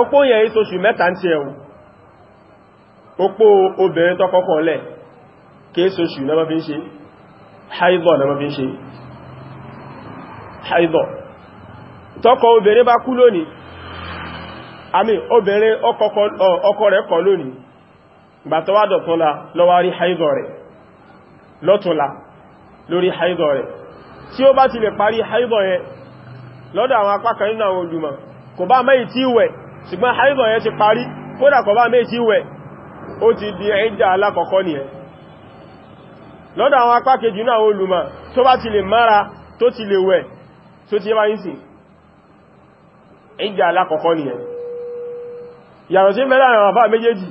opó yẹn èso oṣù mẹ́ta ń ti ẹ̀wù opó obìnrin tọ́kọ kọ̀ọ́lẹ̀ kéèso oṣù náà fi ń ṣe haidọ̀ náà fi ń ṣe haidọ̀ tọ́kọ obìnrin bá kú lónìí àmì obìnrin ọkọ rẹ̀ kọ̀ lónìí gbàtọ́wádọ̀ túnlá lọ́wà rí haidọ̀ rẹ̀ lọ́túnlá lórí haidọ̀ rẹ̀ tí ó bá ti lè parí haidọ̀ yẹn lọ́dọ̀ àwọn apákan nínú àwọn olùmọ̀ kò bá mẹ́yì tí wẹ̀ ṣùgbọ́n haidọ̀ yẹn ti parí kódà kò bá mẹ́yì tí wẹ̀ ó ti di ẹjá alákọ̀ọ́kọ́ nìyẹn lọ́dọ̀ àwọn apákejì nínú àwọn olùmọ̀ tó bá ti lè mára tó ti lè wẹ̀ tó ti yẹ́ bá yín sí ẹjá alákọ̀ọ́kọ́ nìyẹn yàtọ̀ sí mẹ́lá àwọn àbá méjèèjì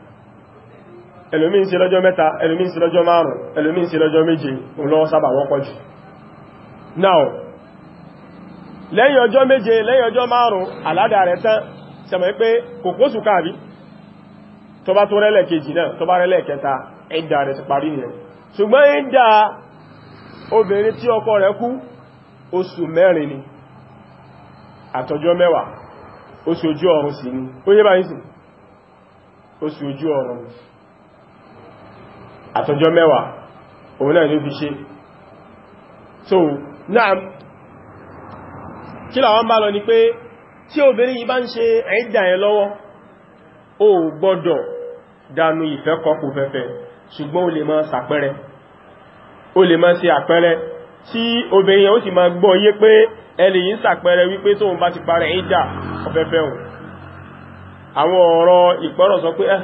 ẹlòmí ń ṣe lọ́jọ́ mẹ́ta ẹlòmí ń ṣe lọ́jọ́ márùn ẹlòmí ń ṣe lọ́jọ́ méje lọ́wọ́ sábà wọ́pọ̀ jù now lẹ́yìn ọjọ́ méje lẹ́yìn ọjọ́ márùn aládà rẹ̀ tán sẹmọ̀ pé kòkósù káàbí tó bá tó rẹ́lẹ̀ kejì náà tó bá rẹ́lẹ̀ kẹta ẹ̀dà rẹ̀ ti parí nìyẹn ṣùgbọ́n ẹ̀dà obìnrin tí ọkọ rẹ̀ kú oṣù mẹ́rin ni àtọjọ́ mẹ́wàá oṣù ojú ọ̀run sí ni ó yé báyìí sí oṣù ojú ọ̀run sí àtọjọ́ mẹ́wàá òun náà ló fi ṣe so náà kí làwọn bá lọ ni pé tí obìnrin yìí bá ń ṣe ẹ̀dà ẹ̀ lọ́wọ́ ó gbọ́dọ̀ dánú ìfẹ́ kọkù fẹ́fẹ́ ṣùgbọ́n ó lè máa ṣàpẹẹrẹ ó lè máa ṣe àpẹẹrẹ tí obìnrin yẹn ó sì máa gbọ́ yé pé ẹni yìí ṣàpẹẹrẹ wípé tóun bá ti parẹ́ ẹ̀dà ọ̀fẹ́fẹ́ òun àwọn ọ̀rọ̀ ìpọ́rọ̀ sọ pé eh,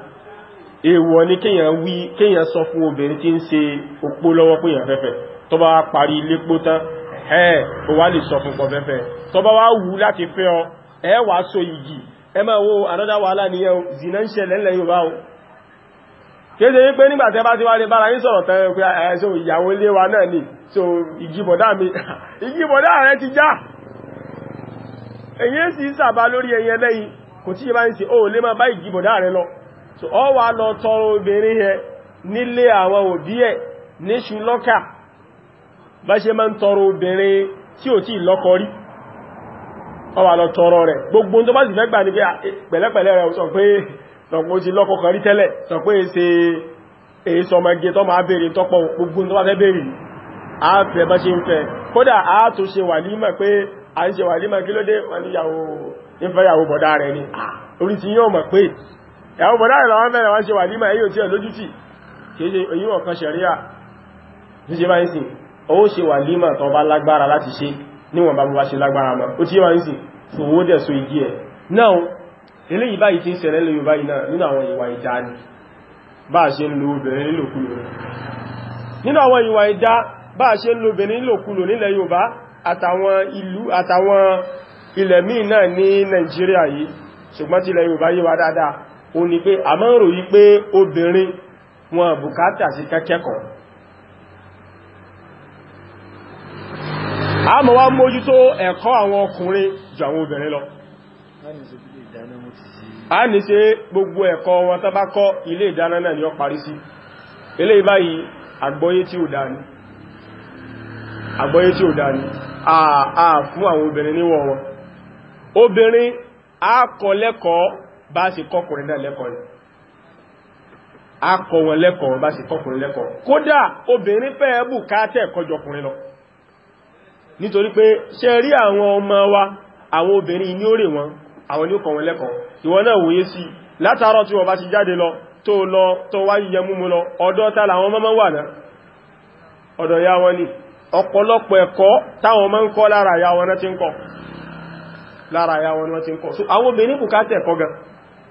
èèwọ̀ ní kíyàn wí kíyàn sọ fún obìnrin tí ń ṣe opó lọ́wọ́ pínyàn fẹ́fẹ́ tó bá parí ilé pó tán ẹ̀ o wá lè sọ fún pọ̀ fẹ́fẹ́ tó bá wá wù láti fẹ́ ọ ẹ wà so igi ẹ máa wo another wàhálà nìyẹn zina ń ṣẹlẹ̀ ńlẹ̀ Yorùbá bá so ìyàwó ilé wa náà ni so igi bọ̀dá mi igi bọ̀dá rẹ ti já èyí sì ó so ọ wà lọ tọrọ obere yẹ nílé àwọn obi ẹ̀ ní ṣùlọ́kà bá ṣe ma n tọrọ obere tí o tí lọ́kọ rí ọ wa lọ tọrọ rẹ gbogbo tó bá sì fẹ́ gbà ah, eh, o sọ pé sọpọ̀ ti lọ́kọ kan tẹ́lẹ̀ sọ e e gbogbo kódà ṣe ṣe kilode bọda rẹ ni ah, yóò pé ẹ̀wọ̀n bọ̀dá ìlàwọ́n bẹ̀rẹ̀ wá ṣe wà níma èyí ò tí ẹ̀ lójútì kéje èyí ọ̀kan ṣẹ̀ríà ní ṣe báyìí sìn ó ṣe wà níma tó bá lágbára láti ṣe níwọ̀n bá bá ṣe lágbára mọ́ ó tí yẹ́ báyìí sìn fún dẹ̀ so igi ẹ̀ náà eléyìí báyìí ti ń ṣẹlẹ̀ lóyún báyìí náà nínú àwọn ìwà ìdá ni bá ṣe ń lo obìnrin nílòkulò nínú àwọn ìwà ìdá bá ṣe ń lo obìnrin nílòkulò nílẹ̀ Yorùbá àtàwọn ìlú àtàwọn ilẹ̀ míì náà ní Nàìjíríà yìí ṣùgbọ́n tilẹ̀ yíwa dáadáa ó ní pé àmọ́rò yí pé obìnrin wọn bùkátà sí kẹ́kẹ́kọ̀ọ́ a mọ̀ wá mójútó ẹ̀kọ́ àwọn ọkùnrin jù àwọn obìnrin lọ a ní ṣe gbogbo ẹ̀kọ́ wọn tó bá kọ́ ilé ìdáná náà ni ó parí sí ilé ìbáyìí àgbọ́yé tí ò dáa ni àgbọ́yé tí ò dáa ni àà fún àwọn obìnrin níwọ̀ wọn obìnrin a kọ́ lẹ́kọ̀ọ́ bá ṣe kọkùnrin náà lẹ́kọ̀ọ́ ni a kọ wọn lẹ́kọ̀ọ́ bá ṣe kọkùnrin lẹ́kọ̀ọ́ kódà obìnrin fẹ́ bù káàtẹ̀ kọjọkùnrin lọ nítorí pé ṣe rí àwọn ọmọ wa àwọn obìnrin ní ó rè wọn àwọn ní ó kọ wọn lẹ́kọ̀ọ́ ìwọ náà wòye sí látàárọ̀ tí wọ́n bá ti jáde lọ tó lọ tó wá yíyẹ múmú lọ ọ̀dọ̀ ta làwọn mọ́mọ́ wà náà ọ̀dọ̀ ya wọn ni ọ̀pọ̀lọpọ̀ ẹ̀kọ́ táwọn mọ́ ń kọ́ lára ya wọn náà ti ń kọ́ so àwọn obìnrin bùkátẹ̀ ẹ̀kọ́ gan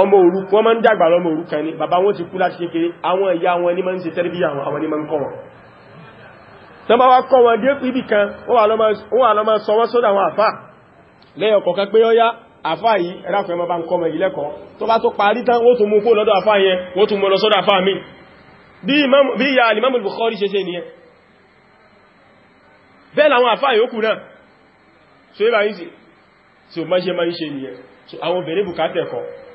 ọmọ òrukàn wọ́n máa ń dàgbà lọ́mọ òrukàn ní bàbá wọn ti kú láti kékeré àwọn ìyá wọn ni máa ń ṣe tẹ́rìbí àwọn ní máa ń kọ́ wọn tán bá wá kọ́ wọn dé ibì kan wọ́n wà lọ́mọ sọ wọ́n sódà àwọn àfà lẹ́yọ̀ kọ̀ọ̀kan pé ọyá àfà yìí ráfẹ́ mọ́ bá ń kọ́ mi bí ìyá Imam Bukhari ṣe ṣe nìyẹn bẹ́ẹ̀ làwọn àfà yòókù náà so ibà yìí sí so máa ṣe máa ń ṣe nìyẹn kọ́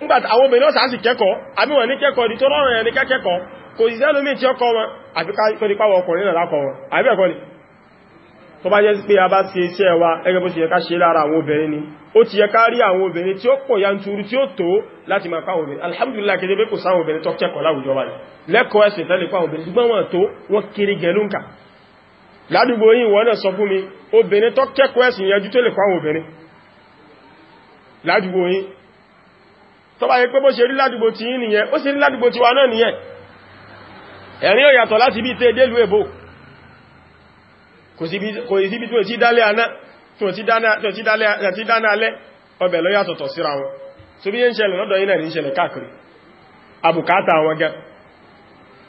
nígbàtí àwọn obìnrin ọ̀sán sì kẹ́kọ̀ọ́ àbí wọ́n ní kẹ́kọ̀ọ́ ní tó rọrùn ẹni kẹ́kẹ́kọ̀ọ́ kò sí sẹ́lómí tí ọkọ̀ wọn àfi kọ́ nípa ọkùnrin náà lákọ̀ wọn àbí ẹ̀kọ́ ni tó bá jẹ́ pé a bá ti iṣẹ́ wa ẹgbẹ́ bó ti yẹ ká ṣe lára àwọn obìnrin ni ó ti yẹ ká rí alhamdulillah kéde pé kò sáwọn obìnrin tó kẹ́kọ̀ọ́ láwùjọ wa lẹ́kọ̀ọ́ ẹ̀sìn tẹ́lẹ̀ pàwọn obìnrin ṣùgbọ́n wọn tó wọ́n kiri gẹ̀lúnkà ládùúgbò yìí wọ́n náà sọ fún mi obìnrin tó kẹ́kọ̀ọ́ ẹ̀sìn yìí tó bá yẹ pé bó ṣe rí ládùgbò tí yín nìyẹn ó ṣe rí ládùgbò tí wa náà nìyẹn ẹ̀rin ò yàtọ̀ láti bí tẹ́ délù èbò kò sí bí tó ti dálé àná tó ti dáná alẹ́ ọbẹ̀ lọ yàtọ̀ tọ̀ síra wọn so bí yẹn ṣẹlẹ̀ lọ́dọ̀ yìí náà ní ṣẹlẹ̀ káàkiri àbùkátà àwọn gan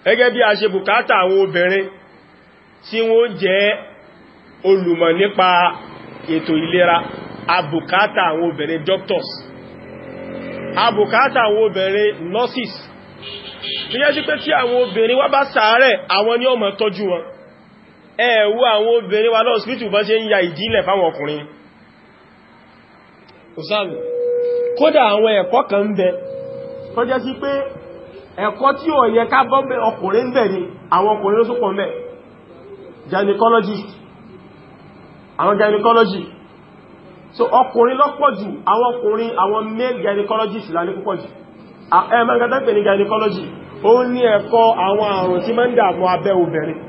gẹ́gẹ́ bí a ṣe bùkátà tí wọ́n jẹ́ olùmọ̀ nípa ètò doctors abùkátà àwọn obìnrin nurses tó yẹ́ sí pé tí àwọn obìnrin wá bá sàárẹ̀ àwọn ni ó tọ́jú wọn ẹ àwọn obìnrin wa lọ́ọ̀sìpítù bá ṣe ń ya ìdílẹ̀ fáwọn ọkùnrin kódà àwọn ẹ̀kọ́ kan ń bẹ tó jẹ́ sí pé ẹ̀kọ́ tí yẹ ká bọ́ ọkùnrin ń ni àwọn ọkùnrin ló súnpọ̀ mẹ́ so ọkùnrin lọ́pọ̀ jù àwọn ọkùnrin àwọn male gynecologist lá ní púpọ̀ jù ẹ̀mẹ́gbẹ̀ta pè ní gynecology ó ní ẹ̀kọ́ àwọn àrùn tí máa ń dààmú abẹ́ obìnrin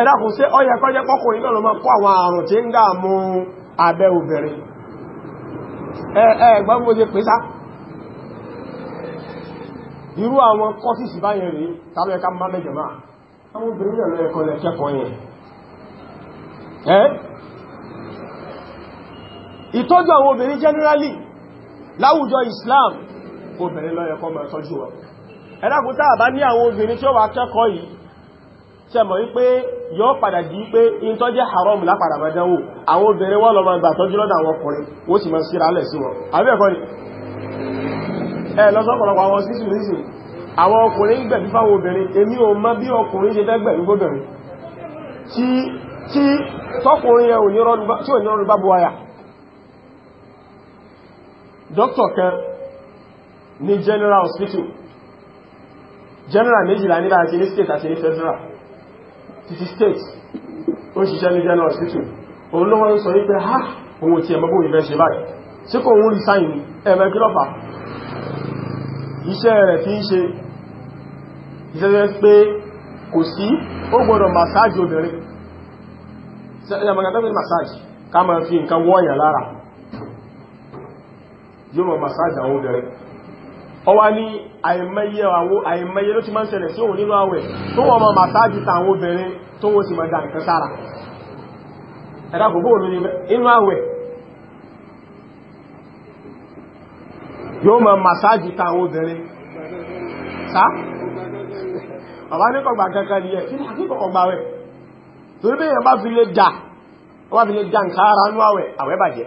ẹ̀dàkùn sí ọyẹ kọjẹ́ pọ́kùnrin ìtọ́jú àwọn obìnrin generally láwùjọ Islam obìnrin lọ́yẹ kó máa tọ́jú wọn ẹ̀dàkútà àbá ní àwọn obìnrin tí ó wà kẹ́kọ̀ọ́ yìí ṣe mọ̀ wípé yóò padà di wípé in tó jẹ́ haram lápadà máa dánwò àwọn obìnrin wọ́n lọ máa gbà tọ́jú lọ́dọ̀ àwọn ọkùnrin ó sì máa síra lẹ̀ sí wọn àbí ẹ̀kọ́ ni ẹ lọ́sọ́pọ̀lọpọ̀ àwọn sísù nísìn àwọn ọkùnrin gbẹ̀bí fáwọn obìnrin èmi ò mọ̀ bí ọkùnrin ṣe fẹ́ gbẹ̀bí gómìnrin tí tọkùnrin ẹ ò ní rọrùn bá bu wáyà Doctor, kan ní general hospital general méjìlá nílá àti ní state àti ní federal títí state ó ṣiṣẹ́ ní general hospital òun ló wọ́n sọ wípé ha òun ti ẹ̀mọ́gbò ìfẹ́ ṣe báyìí tí kò wọ́n rí sáyìn ẹ̀mẹ́ kílọ́pàá iṣẹ́ rẹ̀ fi ń ṣe iṣẹ́ pé kò sí ó gbọ́dọ̀ massage obìnrin ṣe ẹ̀mọ̀gbọ́n massage ká máa fi nǹkan wọ́ọ̀yàn lára yóò mọ̀ masáàjì àwọn obìnrin ọwá ní àìmẹ́yẹ ló ti máa ń ṣẹlẹ̀ sí òun nínú àwẹ̀ tó wọ́n mọ̀ masáàjì tàwọn obìnrin tó wọ́n sì mọ̀ dà sára ẹ̀dá fi nǹkan ara nú àwẹ̀ bàjẹ́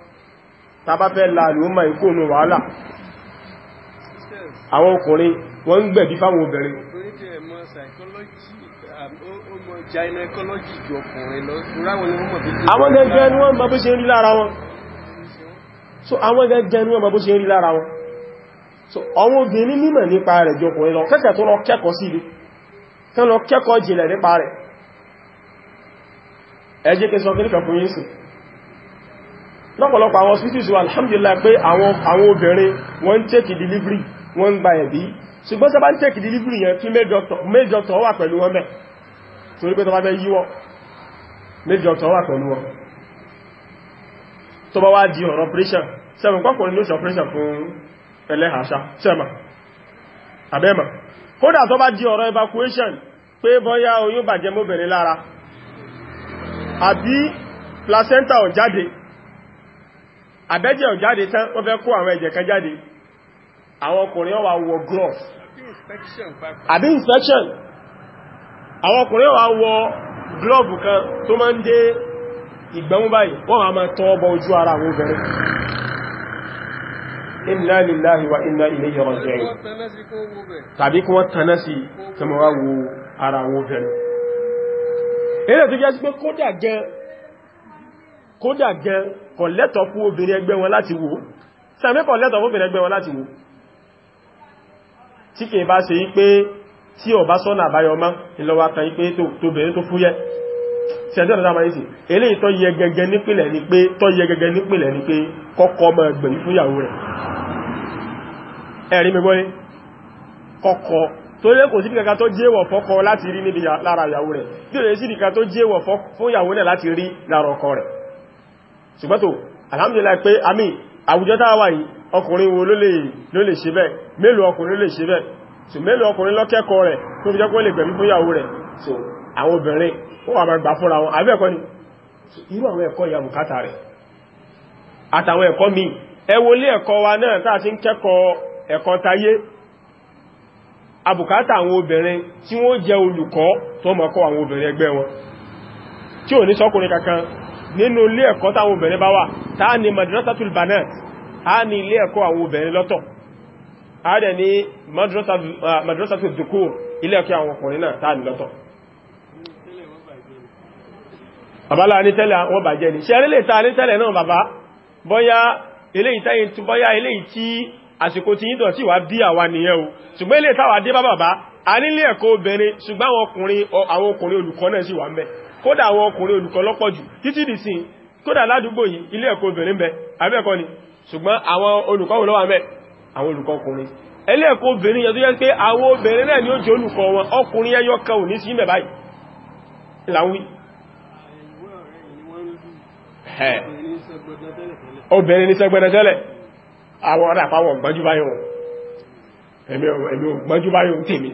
tàbá fẹ́ láàrín ọmọ ìkóònù wàhálà àwọn ọkùnrin wọ́n ń gbẹ̀bí fáwọn obìnrin àwọn gẹ́gẹ́ ni wọ́n mọ̀ bó ṣe ń rí lára wọn so àwọn gẹ́gẹ́ ni wọ́n mọ̀ bó ṣe ń rí lára wọn so àwọn obìnrin nímọ̀ nípa rẹ̀ jọkùnrin lọ kẹ́kẹ́ tó lọ kẹ́kọ̀ọ́ sí ilé tán lọ kẹ́kọ̀ọ́ jìnlẹ̀ nípa rẹ̀ ẹ jẹ́ kí sọ kí ní kàkùnrin sí lọ́pọ̀lọpọ̀ àwọn hospitals alhamdulillah pé àwọn obìnrin wọ́n ń tẹ́kì delivery wọ́n ń gba ẹ̀bí ṣùgbọ́n sábà ń tẹ́kì delivery yẹn kí male doctor wà pẹ̀lú wọn bẹ̀ torí pé tó bá fẹ́ yíwọ́ male doctor wà pẹ̀lú wọn tó bá wá di ọ̀rọ̀ operation sẹ́mọ̀ kọ́kùnrin ló ṣe operation fún ẹlẹ́hàṣá sẹ́mọ̀ àbẹ́mọ̀ kódà tó bá di ọ̀rọ̀ evacuation pé bọ́yá oyún bàjẹ́ mọ́bìnrin lára àbí placenta ò jáde àbẹ́jẹ̀ ò jáde tán wọ́n fẹ́ kó àwọn ẹ̀jẹ̀ kan jáde àwọn ọkùnrin wà wọ glove àbí inspection àwọn ọkùnrin wà wọ glove kan tó máa ń dé ìgbẹ̀mú báyìí wọ́n wà máa tọ́ ọbọ̀ ojú ara àwọn obìnrin inna lillahi wa inna ilayhi raji'un tàbí kí wọ́n tanná sí kí wọ́n wá wo ara àwọn obìnrin eré kódà gan kò lẹ́tọ̀ fún obìnrin ẹgbẹ́ wọn láti wò sàmì kò lẹ́tọ̀ fún obìnrin ẹgbẹ́ wọn láti wò tí kìí bá ṣe yí pé tí ọba sọ́nà àbáyọ mọ́ ìlọ́wà kan yí pé tó bẹ̀rẹ̀ tó fúyẹ́ sẹ́jọ́ ọ̀dọ́ máa ń sì eléyìí tó yẹ gẹ́gẹ́ nípìnlẹ̀ ni pé tó yẹ gẹ́gẹ́ nípìnlẹ̀ ni pé kọ́kọ́ ọmọ ẹgbẹ̀yí fún ìyàwó rẹ̀ ẹ̀rí mi gbọ́ ní kọ́kọ́ tó lé kò sí nǹkan tó jẹ́wọ̀ fọ́kọ láti rí níbi lára ìyàwó rẹ̀ tí ó lè sí nǹkan tó jẹ́wọ̀ fún ìyàwó rẹ̀ láti rí lára ọkọ rẹ̀ ṣùgbọ́n alhamdulillah pé àmì àwùjọ tá a wà yìí ọkùnrin wo ló lè ṣe bẹ́ẹ̀ mélòó ọkùnrin ló lè ṣe bẹ́ẹ̀ so mélòó ọkùnrin lọ́kẹ́kọ̀ọ́ rẹ̀ tó fi jẹ́ kó lè gbẹ̀mí fúnyàwó rẹ̀ so àwọn obìnrin ó wà máa gbà fúnra wọn àbẹ́ ẹ̀kọ́ ni irú àwọn ẹ̀kọ́ ìyà bùkátà rẹ̀ àtàwọn ẹ̀kọ́ mi ẹ wo lé tí ò ní sọ́kùnrin kankan nínú ilé ẹ̀kọ́ táwọn obìnrin bá wà táà ní madrasatul banat a ní ilé ẹ̀kọ́ àwọn obìnrin lọ́tọ̀ a dẹ̀ ní madrasatul dhukur ilé ẹ̀kọ́ àwọn ọkùnrin náà táà ní lọ́tọ̀ àbálá ní tẹ́lẹ̀ wọ́n bàjẹ́ ni ṣe erélè ta ní tẹ́lẹ̀ náà bàbá bọ́yá eléyìí tẹ́yìn tí bọ́yá eléyìí tí àsìkò tí yíndọ̀ sí wà bí àwa nìyẹn o ṣùgbọ́n ilé táwà dé bá bàbá a nílé ẹ̀kọ́ kódà àwọn ọkùnrin olùkọ́ lọ́pọ̀ jù títí dì sí kódà ládùúgbò yìí ilé ẹ̀kọ́ obìnrin bẹ abẹ́ẹ̀kọ́ ni ṣùgbọ́n àwọn olùkọ́ wò lọ́wọ́ mẹ́ àwọn olùkọ́ ọkùnrin ilé ẹ̀kọ́ obìnrin yẹn tó yẹ pé àwọn obìnrin náà ni ó jẹ́ olùkọ́ wọn ọkùnrin ẹyọ kan ò ní sí mẹ́ báyìí láwí obìnrin ní sẹ́gbẹ̀rẹ̀ tẹ́lẹ̀ àwọn ọ̀rẹ́ àpáwọn gbọ́njú báyìí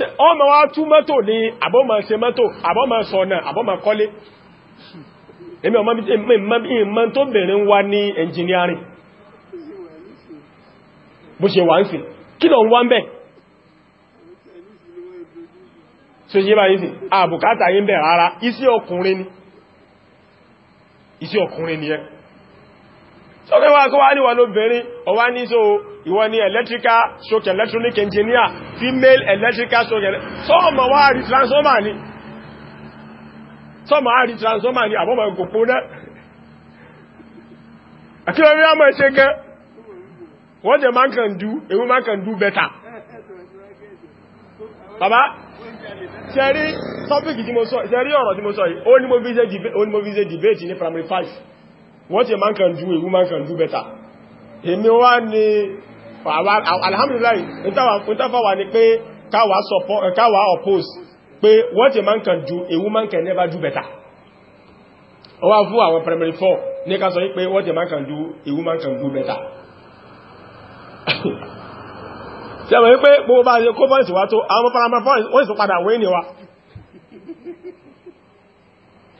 ọmọ wá tú mọ́tò ní àbọ́mọ̀ ṣe mọ́tò àbọ́mọ̀ sọ̀nà àbọ́mọ̀ kọ́lé èmi ọmọ ìmọ̀ tó bèèrè ń wá ní engineering bó ṣe wà ń sí kí lọ ń wá ń bẹ̀ tí ó yé bá yí sí àbùkátà yí ń bẹ̀ rárá iṣẹ́ ọkùnrin ni iṣẹ́ ọkùnrin ni ẹ tọ́kẹ́ wá kó wá ní wà lóbìnrin ọwá ní so ìwọ ni electrical stroke electronic engineer female electrical stroke sọ́ọ̀mọ̀ wá rí transformer ni sọ́ọ̀mọ̀ wá rí transformer ni àbọ́mọ̀ ìkòkó náà akílọ́rí ọmọ ìṣe gẹ́ wọ́n jẹ man can do ewu man can do better bàbá ṣẹ́rí tọ́pìkì tí mo sọ ṣẹ́rí ọ̀rọ̀ tí mo sọ yìí ó ní mo fi ṣe debate ní primary five What a man can do a woman can do better èmi wá ní alhamdulillah ìtàfà wà ní pé káwà support káwà oppose pé what a man can do a woman can never do better ó wá fún àwọn primary four ní ká sọ yí pé what a man can do a woman can do better ṣe àwọn wípé gbogbo bá ṣe kó fọ́ǹsì wá tó àwọn primary four wọ́n sì padà wé ní wa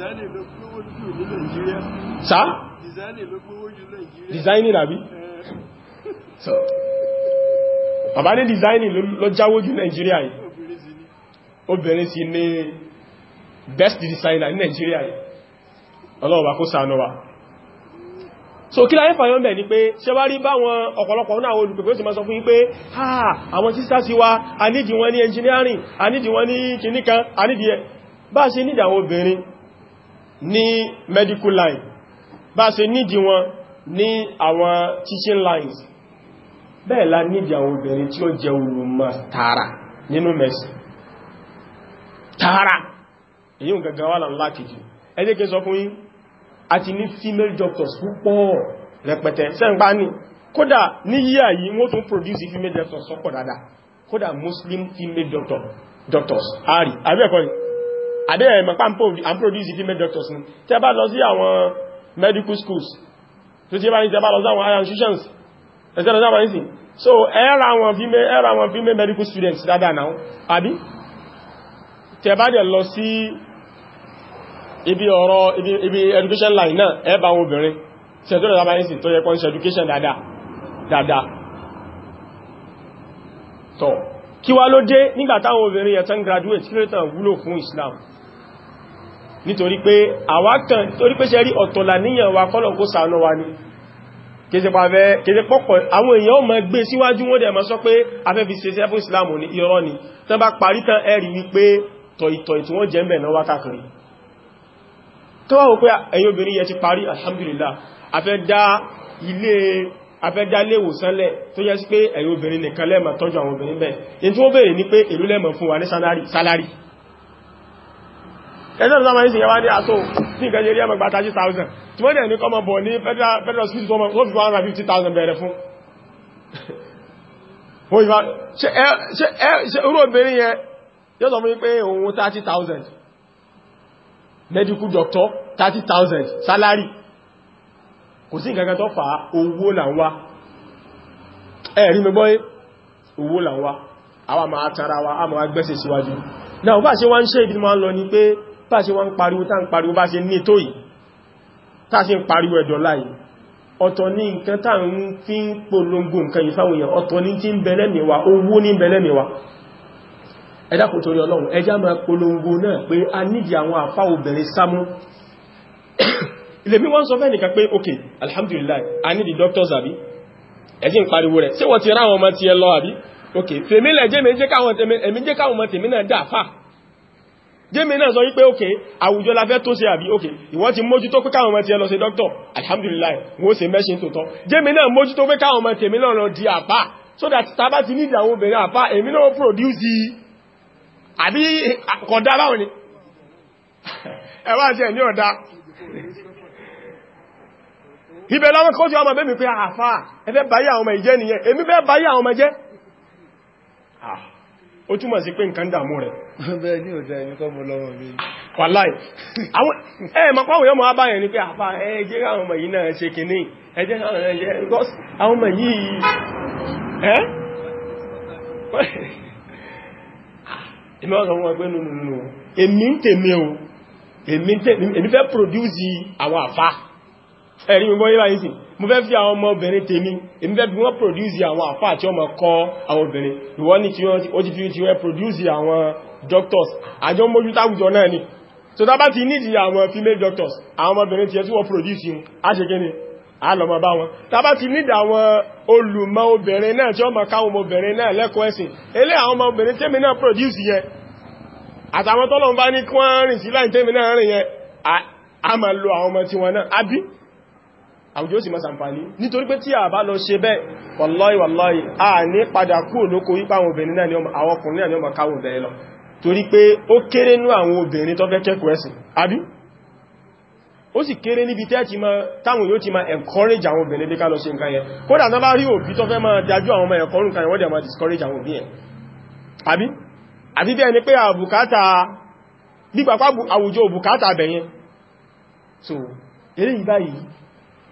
Designing ló gbówó jù ní Nàìjíríà. Designing àbí? Eh. So, bàbá ní designing ló jáwó jù Nigeria. yìí. Obìnrin sí ní best designer ní Nigeria. yìí. Ọlọ́ọ̀bà kó ṣàánú wa. So kí láyé fàyọ́ mẹ́ ni pé ṣe wá rí báwọn ọ̀pọ̀lọpọ̀ náà olùpẹ̀pẹ̀ ó sì sọ fún yín pé ha àwọn sisters sí wa a nídìí wọn ní engineering a nídìí wọn ní kìníkan a nídìí ẹ bá ṣe nídìí àwọn obìnrin ní medical line bá ṣe nídi wọn ní àwọn teaching lines bẹ́ẹ̀ la nídi àwọn obìnrin tí ó jẹ́ olùmọ̀ tààrà nínú mẹ́sì tààrà èyí ò gaggawa là ńlá kìí ẹ jẹ́ kí n sọ fún yín a ti ní female doctors púpọ̀ rẹpẹtẹ sẹ́ǹgbá ní kódà ní yíyà yìí wọ́n tún produce female doctors sọ́pọ̀ dáadáa kódà muslim female doctor, doctors ari àbẹ́ẹ̀kọ́ yìí àbí ẹ̀mọ̀ pàmproduce female doctors ni tẹ́ bá lọ sí àwọn medical schools tó tí bá ní tẹ́ bá lọ sí àwọn higher institutions ẹ̀sẹ̀ lọ sí àwọn ìsìn so ẹ̀rà àwọn female ẹ̀rà àwọn female medical students dáadáa náà àbí tẹ́ bá dẹ̀ lọ sí ibi ọ̀rọ̀ ibi education line náà ẹ bá àwọn obìnrin sẹ̀tọ́rọ̀ dáadáa ìsìn tó yẹ kọ́ sí education dáadáa dáadáa tọ́ kí wá ló dé nígbàtàwọn nítorí pé àwákan torí pé ṣe rí ọ̀tọ̀lá níyàn wa kọ́lọ̀ kó sàánú wa ni kéde pọ́pọ̀ àwọn èèyàn ó máa gbé síwájú wọ́n dẹ̀ máa sọ pé afẹ́fi ṣeṣẹ́ fún ìsìláàmù ní irọ́ ni tán bá parí tán ẹ̀rí wípé tọ̀ìtọ̀ì tí wọ́n jẹ́ mẹ́ náà wákàkiri tó wá wò pé ẹ̀yin obìnrin yẹ ti parí alhamdulillah afẹ́ ẹ̀sẹ̀rẹ̀ sáwọn ìsìn yẹwà ní àtò tí nǹkan jẹ́ rí ẹmọ̀ gbàtà 2000 tí wọ́n dẹ̀ ní kọmọ bọ̀ ní federal school tó wọ́n fi 150,000 bẹ̀rẹ̀ fún orú obìnrin yẹn yóò sọ fún pé òun 30,000 medical doctor 30,000 salary kò sí nǹkan tó fà owó làwá ẹ̀rí mẹ́gbọ́ owó làwá àwọn àmà àtàrà wa àmà agbẹ́sẹ̀ síwájú náà bá ṣe wá ń ṣe ìdí máa lọ ní pé tàṣí wọ́n ń pariwo tá ń pariwo bá ṣe ní tó yìí tàṣí ń pariwo ẹ̀dọ̀ láì ọ̀tọ̀ ní nǹkan tá ń fi ń polongo nǹkan yìí fáwọn èèyàn ọ̀tọ̀ ní tí ń bẹ̀lẹ́mìíwá owó ní bẹ̀lẹ́mìíwá ẹ̀dá alhamdulillah a nídìí doctors àbí ẹjí ń pariwo rẹ̀ ṣé wọ́n ti ráwọn ọmọ ti ẹ lọ àbí ok fèmílẹ̀ jẹ́ méjì gémi náà sọ wípé òkè àwùjọ la fẹ́ tó ṣe àbí òkè ìwọ́n ti mójútó pé káwọn ọmọ ti ẹ lọ ṣe dókítọ̀ alhamdulillah wọ́n ṣe mẹ́ṣin tó tọ́ gémi náà mójútó pé káwọn ọmọ tèmi náà lọ di àpá so that tàbá ti ní ìdàwọn obìnrin àpá èmi náà produce àbí kọ̀dá báwọn ni ẹwà jẹ́ ní ọ̀dá ibẹ̀ lọ́wọ́ kọ́ sí ọmọ bẹ́mi pé àfá ẹfẹ́ báyé àwọn ọmọ ìjẹ́ nìyẹn èmi fẹ́ báyé àwọn ọmọ jẹ́ ah ó túmọ̀ sí pé nǹkan dàmú rẹ̀. bẹ́ẹ̀ ní òjò ẹ̀yìn kọ́ mo lọ́wọ́ mi. wàláì àwọn ẹ̀ mọ̀ pàwọn yọmọ abáyẹ̀ ni pé àpá ẹ jẹ́ àwọn ọmọ yìí náà ṣe kìíní ẹ jẹ́ àwọn ọmọ yìí ẹ́ ìmọ̀ ọ̀rọ̀ wọn pé nùnùnù èmi ń tèmi o èmi fẹ́ produce àwọn àfá ẹ̀rí gbogbo yíra yìí sí mo fẹ́ fi àwọn ọmọbìnrin tèmi èmi fẹ́ bí wọ́n produce àwọn àfá àti ọmọ kọ́ àwọn obìnrin ìwọ́n ní tí ó ti fi ti wẹ́ produce àwọn doctors àjọ mójú táwùjọ náà ni so tá bá ti ní ìdí àwọn female doctors àwọn ọmọbìnrin tí ẹ tí wọ́n produce yìí á ṣe kéne á lọ mọ bá wọn tá bá ti ní ìdí àwọn olùmọ̀ obìnrin náà produce yẹn àtàwọn tọ́lọ̀ ń bá ní kí wọ́n rìn sí láì tèmi náà rìn yẹn àwùjọ sì máa sàǹfàní nítorí pé tí a bá lọ ṣe bẹ́ wàláì wàláì a ní padà kúrò lóko yípa àwọn obìnrin náà ni àwọn ọkùnrin náà ni ọmọ káwọn obìnrin lọ torí pé ó kéré nú àwọn obìnrin tó fẹ́ kẹ́kọ̀ọ́ ẹ̀sìn àbí ó encourage àwọn obìnrin bí ká lọ ṣe nǹkan yẹn kódà náà bá rí òbí tó fẹ́ máa dájú discourage àwọn òbí yẹn àbí àbí bẹ́ẹ̀ ni pé àbùkátà bí pàpá àwùjọ òbùkátà bẹ̀yẹn so eléyìí báyìí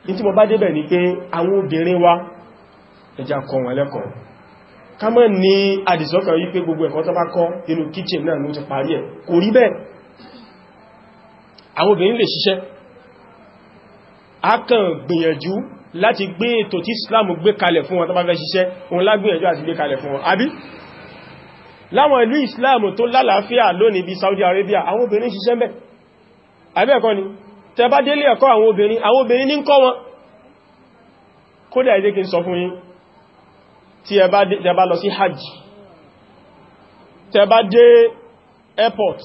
ní tí mo bá débẹ̀ ni pé àwọn obìnrin wa ẹja kọ wọn lẹ́kọ̀ọ́ ká mọ́ ní àdìsọ́kàn wípé gbogbo ẹ̀kọ́ tó bá kọ́ inú kitchen náà ló ti parí ẹ̀ kò rí bẹ́ẹ̀ àwọn obìnrin lè ṣiṣẹ́ a kàn gbìyànjú láti gbé ètò tí Islam gbé kalẹ̀ fún wọn tó bá fẹ́ ṣiṣẹ́ òun lágbìyànjú àti gbé kalẹ̀ fún wọn àbí láwọn ìlú Islam tó lálàáfíà lónìí bí Saudi Arabia àwọn obìnrin ṣiṣẹ́ mẹ́ àbí ẹ̀kọ́ ni tẹ bá délé ẹ̀kọ́ àwọn obìnrin àwọn obìnrin ní ń kọ́ wọn kódà ìdí kí sọ fún yín tí ẹ bá lọ sí hajj tẹ bá dé airport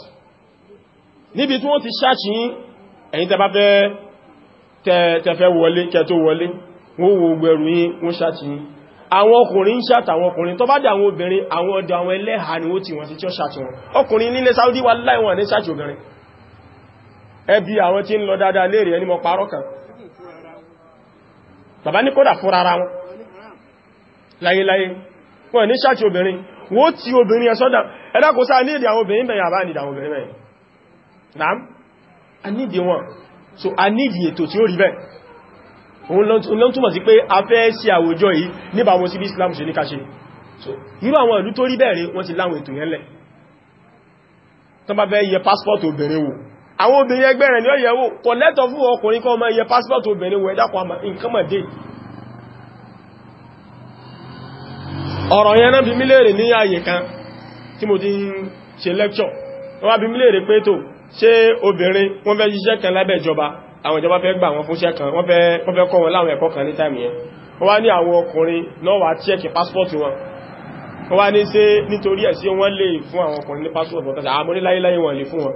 níbi tí wọ́n ti ṣáàṣì yín ẹ̀yin tẹ bá fẹ́ tẹfẹ́ wọlé kẹtó wọlé wọ́n wo gbẹ̀rù yín wọ́n ṣáàṣì yín àwọn ọkùnrin ń ṣàtà àwọn ọkùnrin tó bá dé àwọn obìnrin àwọn ọ̀dọ̀ àwọn ẹlẹ́hà ni ó ti wọ́n sí tí wọn ọkùnrin nílé Saudi wà láìwọ̀n ní ṣàtì obìnrin ẹbí àwọn tí ń lọ dáadáa léèrè ẹni mọ parọ́ kan bàbá ní kódà fúnra ara wọn láyéláyé wọ́n ní ṣáàtì obìnrin wó tí obìnrin ẹ sọ́dá ẹ̀dá àwọn obìnrin bẹ̀yà bá nìdà obìnrin bẹ̀yà náà a nídi wọn so a nídi ètò tí ó rí bẹ́ẹ̀ òun a fẹ́ sí yẹ pásítọ̀tì obìnrin wò àwọn obìnrin ẹgbẹ́ rẹ̀ ni ó yẹ̀wò kò lẹ́tọ̀ fún ọkùnrin kan máa yẹ pásípọ̀tù obìnrin wọ ẹ̀dàkùn àmà nǹkan mọ̀ dé ọ̀rọ̀ yẹn náà bí mílèrè ní ààyè kan tí mo ti ń ṣe lẹ́kṣọ̀ wọ́n wá bí mílèrè pé tó ṣé obìnrin wọ́n fẹ́ ṣiṣẹ́ kan lábẹ́ ìjọba àwọn ìjọba fẹ́ gbà wọn fúnṣẹ́ kan wọ́n fẹ́ kọ́ wọn láwọn ẹ̀kọ́ kan ní táìmì yẹn wọ́n wá ní àwọn ọkùnrin náà wá chẹ́kì pásípọ̀tù wọn wọ́n wá ní ṣé nítorí ẹ̀sí wọ́n lè fún àwọn ọkùnrin ní pásípọ̀tù wọn tàbí àwọn oníláyíláyí wọn lè fún wọn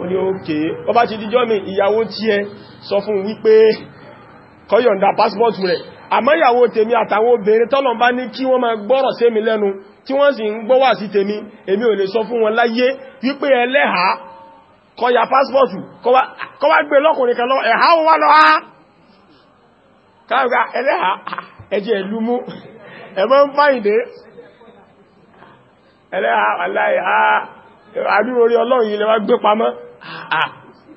ó ní òkè ó bá ti díjọ́ mi ìyàwó tí ẹ sọ fún wípé kọ́yọ̀ǹda passport rẹ̀ àmọ́ ìyàwó tèmi àtàwọn obìnrin tọ́lọ̀ bá ní kí wọ́n máa gbọ́rọ̀ sí mi lẹ́nu tí wọ́n sì ń gbọ́wà sí tèmi èmi ò lè sọ fún wọn láyé wípé ẹlẹ́hà kọya passport kọwa gbé lọ́kùnrin kan lọ́wọ́ ẹ̀há wọ́n lọ áá káàkà ẹlẹ́hà ẹjẹ́ ìlú mú ẹ̀mọ́ ń fáyìndé ẹlẹ́hà aláìhá àdúrò orí ọlọ́run yìí lè wá gbé pamọ́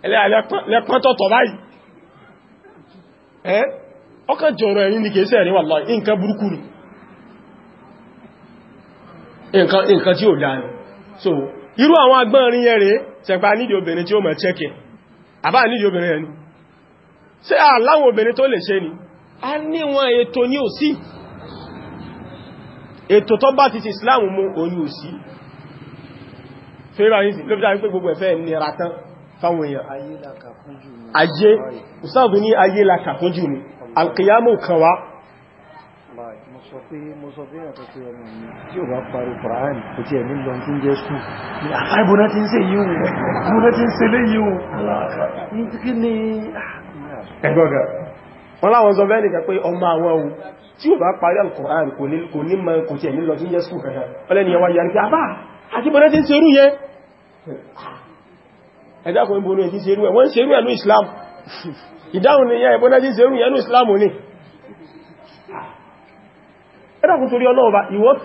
ẹlẹ́pọ́n tọ̀tọ̀ báyìí ọkàn jọrọ ẹ̀rin ní kèsẹ̀ rí wàláhì nǹkan burúkú ni nǹkan tí ó dáni so irú àwọn agbọ́nrin yẹn rẹ̀ tẹ̀pá nídìí obìnrin tí ó mọ̀ chẹ́kẹ̀ àbá nídìí obìnrin ẹni ṣe àláwọn obìnrin tó lè ṣe ni a níwọn ètò ní òsì ètò tó bá ti ti Islam mú òní òsì so yíba ní sí ló fi dáa wípé gbogbo ẹ̀fẹ́ nira tán fáwọn èèyàn ayé ìsáàbù ní ayé la kàkún jù ní alkiyamu kan wá mo sọ pé mo sọ pé ẹ̀kọ́ pé ẹnu mi tí ò bá parí Kùránì kò tí ẹ̀mí lọ tí jẹ́ sùn ní àbáìbóná tí ń ṣe yíò bóná tí ń ṣe lé yíò ní kí ni ẹgbọ́gà wọ́n ní mọ àti bọ́nà tí ń ṣerú yẹn ẹ̀dàkùn ìbò ní ṣerú ẹ̀ wọ́n ṣerú ẹ̀lú Islam ìdáhùn ni yẹ́ ìbọ́nà tí ṣerú ẹ̀lú Islam ní ẹ̀dàkùn torí ọlọ́ọ̀bá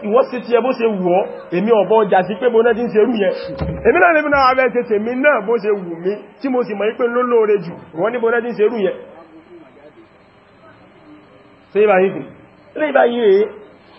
ìwọ́ sí ti ẹ bó ṣe wọ́ èmi ọ̀bọ̀ ọjà sí pé bọ́nà tí ń ṣerú yẹn èmi náà lè náà abẹ́ ṣe tèmi náà bó ṣe wù mí tí mo sì mọ̀ ipé lólóore jù wọ́n ní bọ́nà tí ń ṣerú yẹn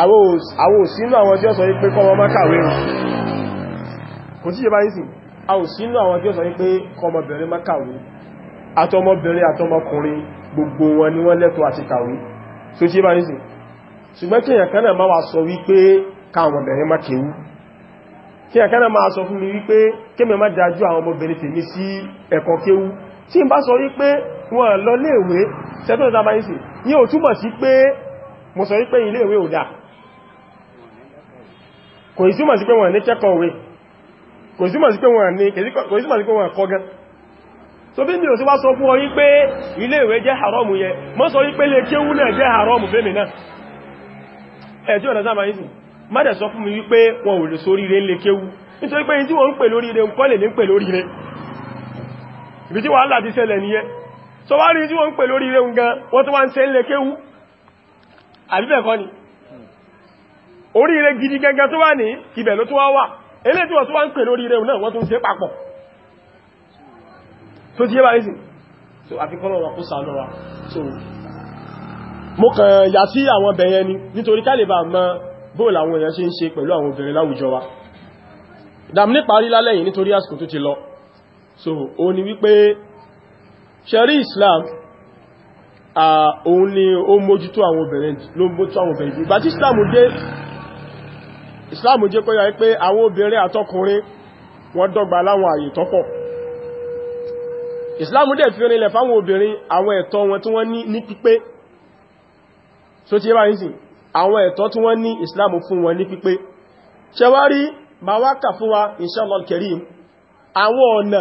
àwọ òsínú àwọn tí ó sọ wípé kọmọ má kàwé o kò sí ìjẹba ìsìn àwọ òsínú àwọn tí ó sọ wípé kọmọbìnrin má kàwé àtọmọbìnrin àtọmọkùnrin gbogbo wọn ni wọ́n lẹ́tọ̀ọ́ àti kàwé so tí ìjẹba ìsìn ṣùgbọ́n kí èyàn kanáà máa sọ wípé káwọmọbìnrin má kéwú kí èyàn kanáà máa sọ fún mi wípé kémi má dájú àwọn ọmọbìnrin tèmi sí ẹ̀kọ́ kéwú tí n bá sọ wípé wọn lọ léèwé sẹ́tọ̀ ìjọba ìsìn ní òtúmọ̀ sí pé mo sọ wípé iléèwé ò dáa kò ìsúmọ̀ sí pé wọ́n ní kẹ́kọ̀ọ́wé kò ìsúmọ̀ sí pé wọ́n ní kò ìsúmọ̀ sí pé wọ́n kọ́gán so bí mi ò sí wá sọ fún ọ yí pé ilé ìwé jẹ́ haramu yẹ mọ́ sọ yí pé lè kéwú náà jẹ́ haramu fẹ́mi náà ẹ̀tí ọ̀nà sáàmà yìí má dẹ̀ sọ fún mi wípé wọn ò lè sórí tí wọ́n ń pè lórí ní pè so wá rí tí wọ́n ń pè lórí rẹ̀ ń gan wọ́n tó wá ń ṣe ń lè kéwú àbíbẹ̀kọ́ ni oríire gidi gangan tó wà ní ibẹ̀ ló tó wá wà eléyìí tí wọ́n tó wá ń pè lóríire náà wọ́n tó ń ṣe papọ̀ tó ti yé bá rísì so àfikọ́lọ̀ wà kó sàánúwà so mo kàn yà sí àwọn bẹ̀yẹn ni nítorí ká lè bá mọ̀ bóòlù àwọn èèyàn ṣe ń ṣe pẹ̀lú àwọn obìnrin láwùjọ wa dàm ní parí lálẹ́yìn nítorí àsìkò tó ti lọ so o ni wípé ṣẹ̀rí Islam òun ni ó mójútó àwọn obìnrin ló mójútó àwọn obìnrin ìgbà tí Islam dé islam jẹ́ kó yé pé àwọn obìnrin àtọkùnrin wọ́n dọ́gba láwọn àyè tọ́pọ̀ islam dẹ̀ fi rinlẹ̀ fáwọn obìnrin àwọn ẹ̀tọ́ wọn tí wọ́n ní ní pípé so ti yẹ́ báyìí sí àwọn ẹ̀tọ́ tí wọ́n ní islam fún wọn ní pípé ṣẹwárí ma wá kà fún wa inshallah kerim àwọn ọ̀nà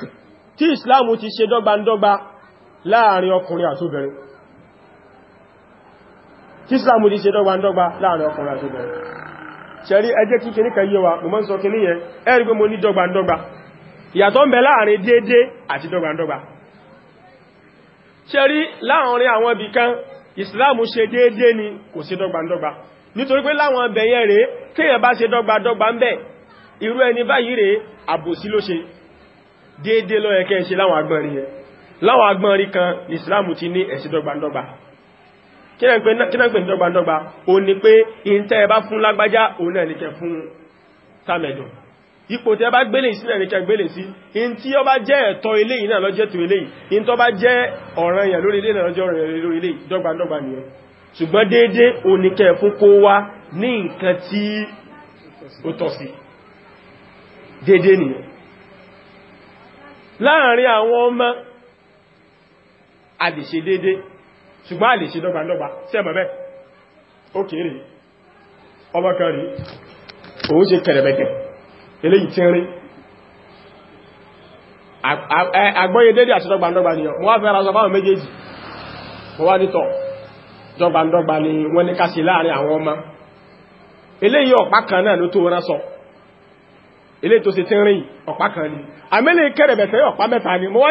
tí islam ti ṣe dọ́gbandọ́gba láàrin ọkùnrin àtóbìnrin tí islam ti ṣe dọ́gbandọ́gba láàrin ọkùnrin àtóbìnrin ṣẹ̀rí ẹjẹ́ kí kìníkà yé wa mo mọ́ sọ kìní yẹn ẹ̀rí pé mo ní dọ́gbandọ́gba ìyàtọ̀ ń bẹ láàrin déédé àti dọ́gbandọ́gba ṣẹ̀rí láàrin àwọn ibì kan ìsìláàmù ṣe déédé ni kò sí dọ́gbandọ́gba nítorí pé láwọn ibẹ̀ yẹn rèé kéèyàn bá ṣe dọ́gbandọ́gba ń bẹ̀ irú ẹni báyìí rèé kí náà pè ní dọ́gbandọ́gba o ní pé ìntẹ́ ẹbá fún lágbájá òun náà nìkẹ fún tàmẹ̀dù ipò tí ẹ bá gbélé sí náà nìkẹ gbélé sí in tí ó bá jẹ́ ẹ̀tọ́ ilé yìí náà lọ́jẹ́ tó ilé yìí in tó bá jẹ́ ọ̀ràn yà lórí ilé náà lọ́jẹ́ àdìṣe déédé ṣùgbọ́n a lè ṣe dọ́gbàndọ́gbà sẹ́mọ̀ bẹ́ ó kéré ọmọ kan rí òun ṣe kẹ̀rẹ̀bẹ̀kẹ̀ eléyìí tí ń rí àgbọ́yé dédé àti dọ́gbàndọ́gbà ni wọ́n wá fẹ́ ra sọ fáwọn méjèèjì wọ́n wá nítọ̀ dọ́gbàndọ́gbà ni wọ́n ní ká ṣe láàrin àwọn ọmọ eléyìí ọ̀pá kan náà ló tó wọ́n sọ eléyìí tó ṣe tí ń rí ọ̀pá kan ni àmẹ́lẹ̀ kẹ̀rẹ̀bẹ̀kẹ̀ ni mo wá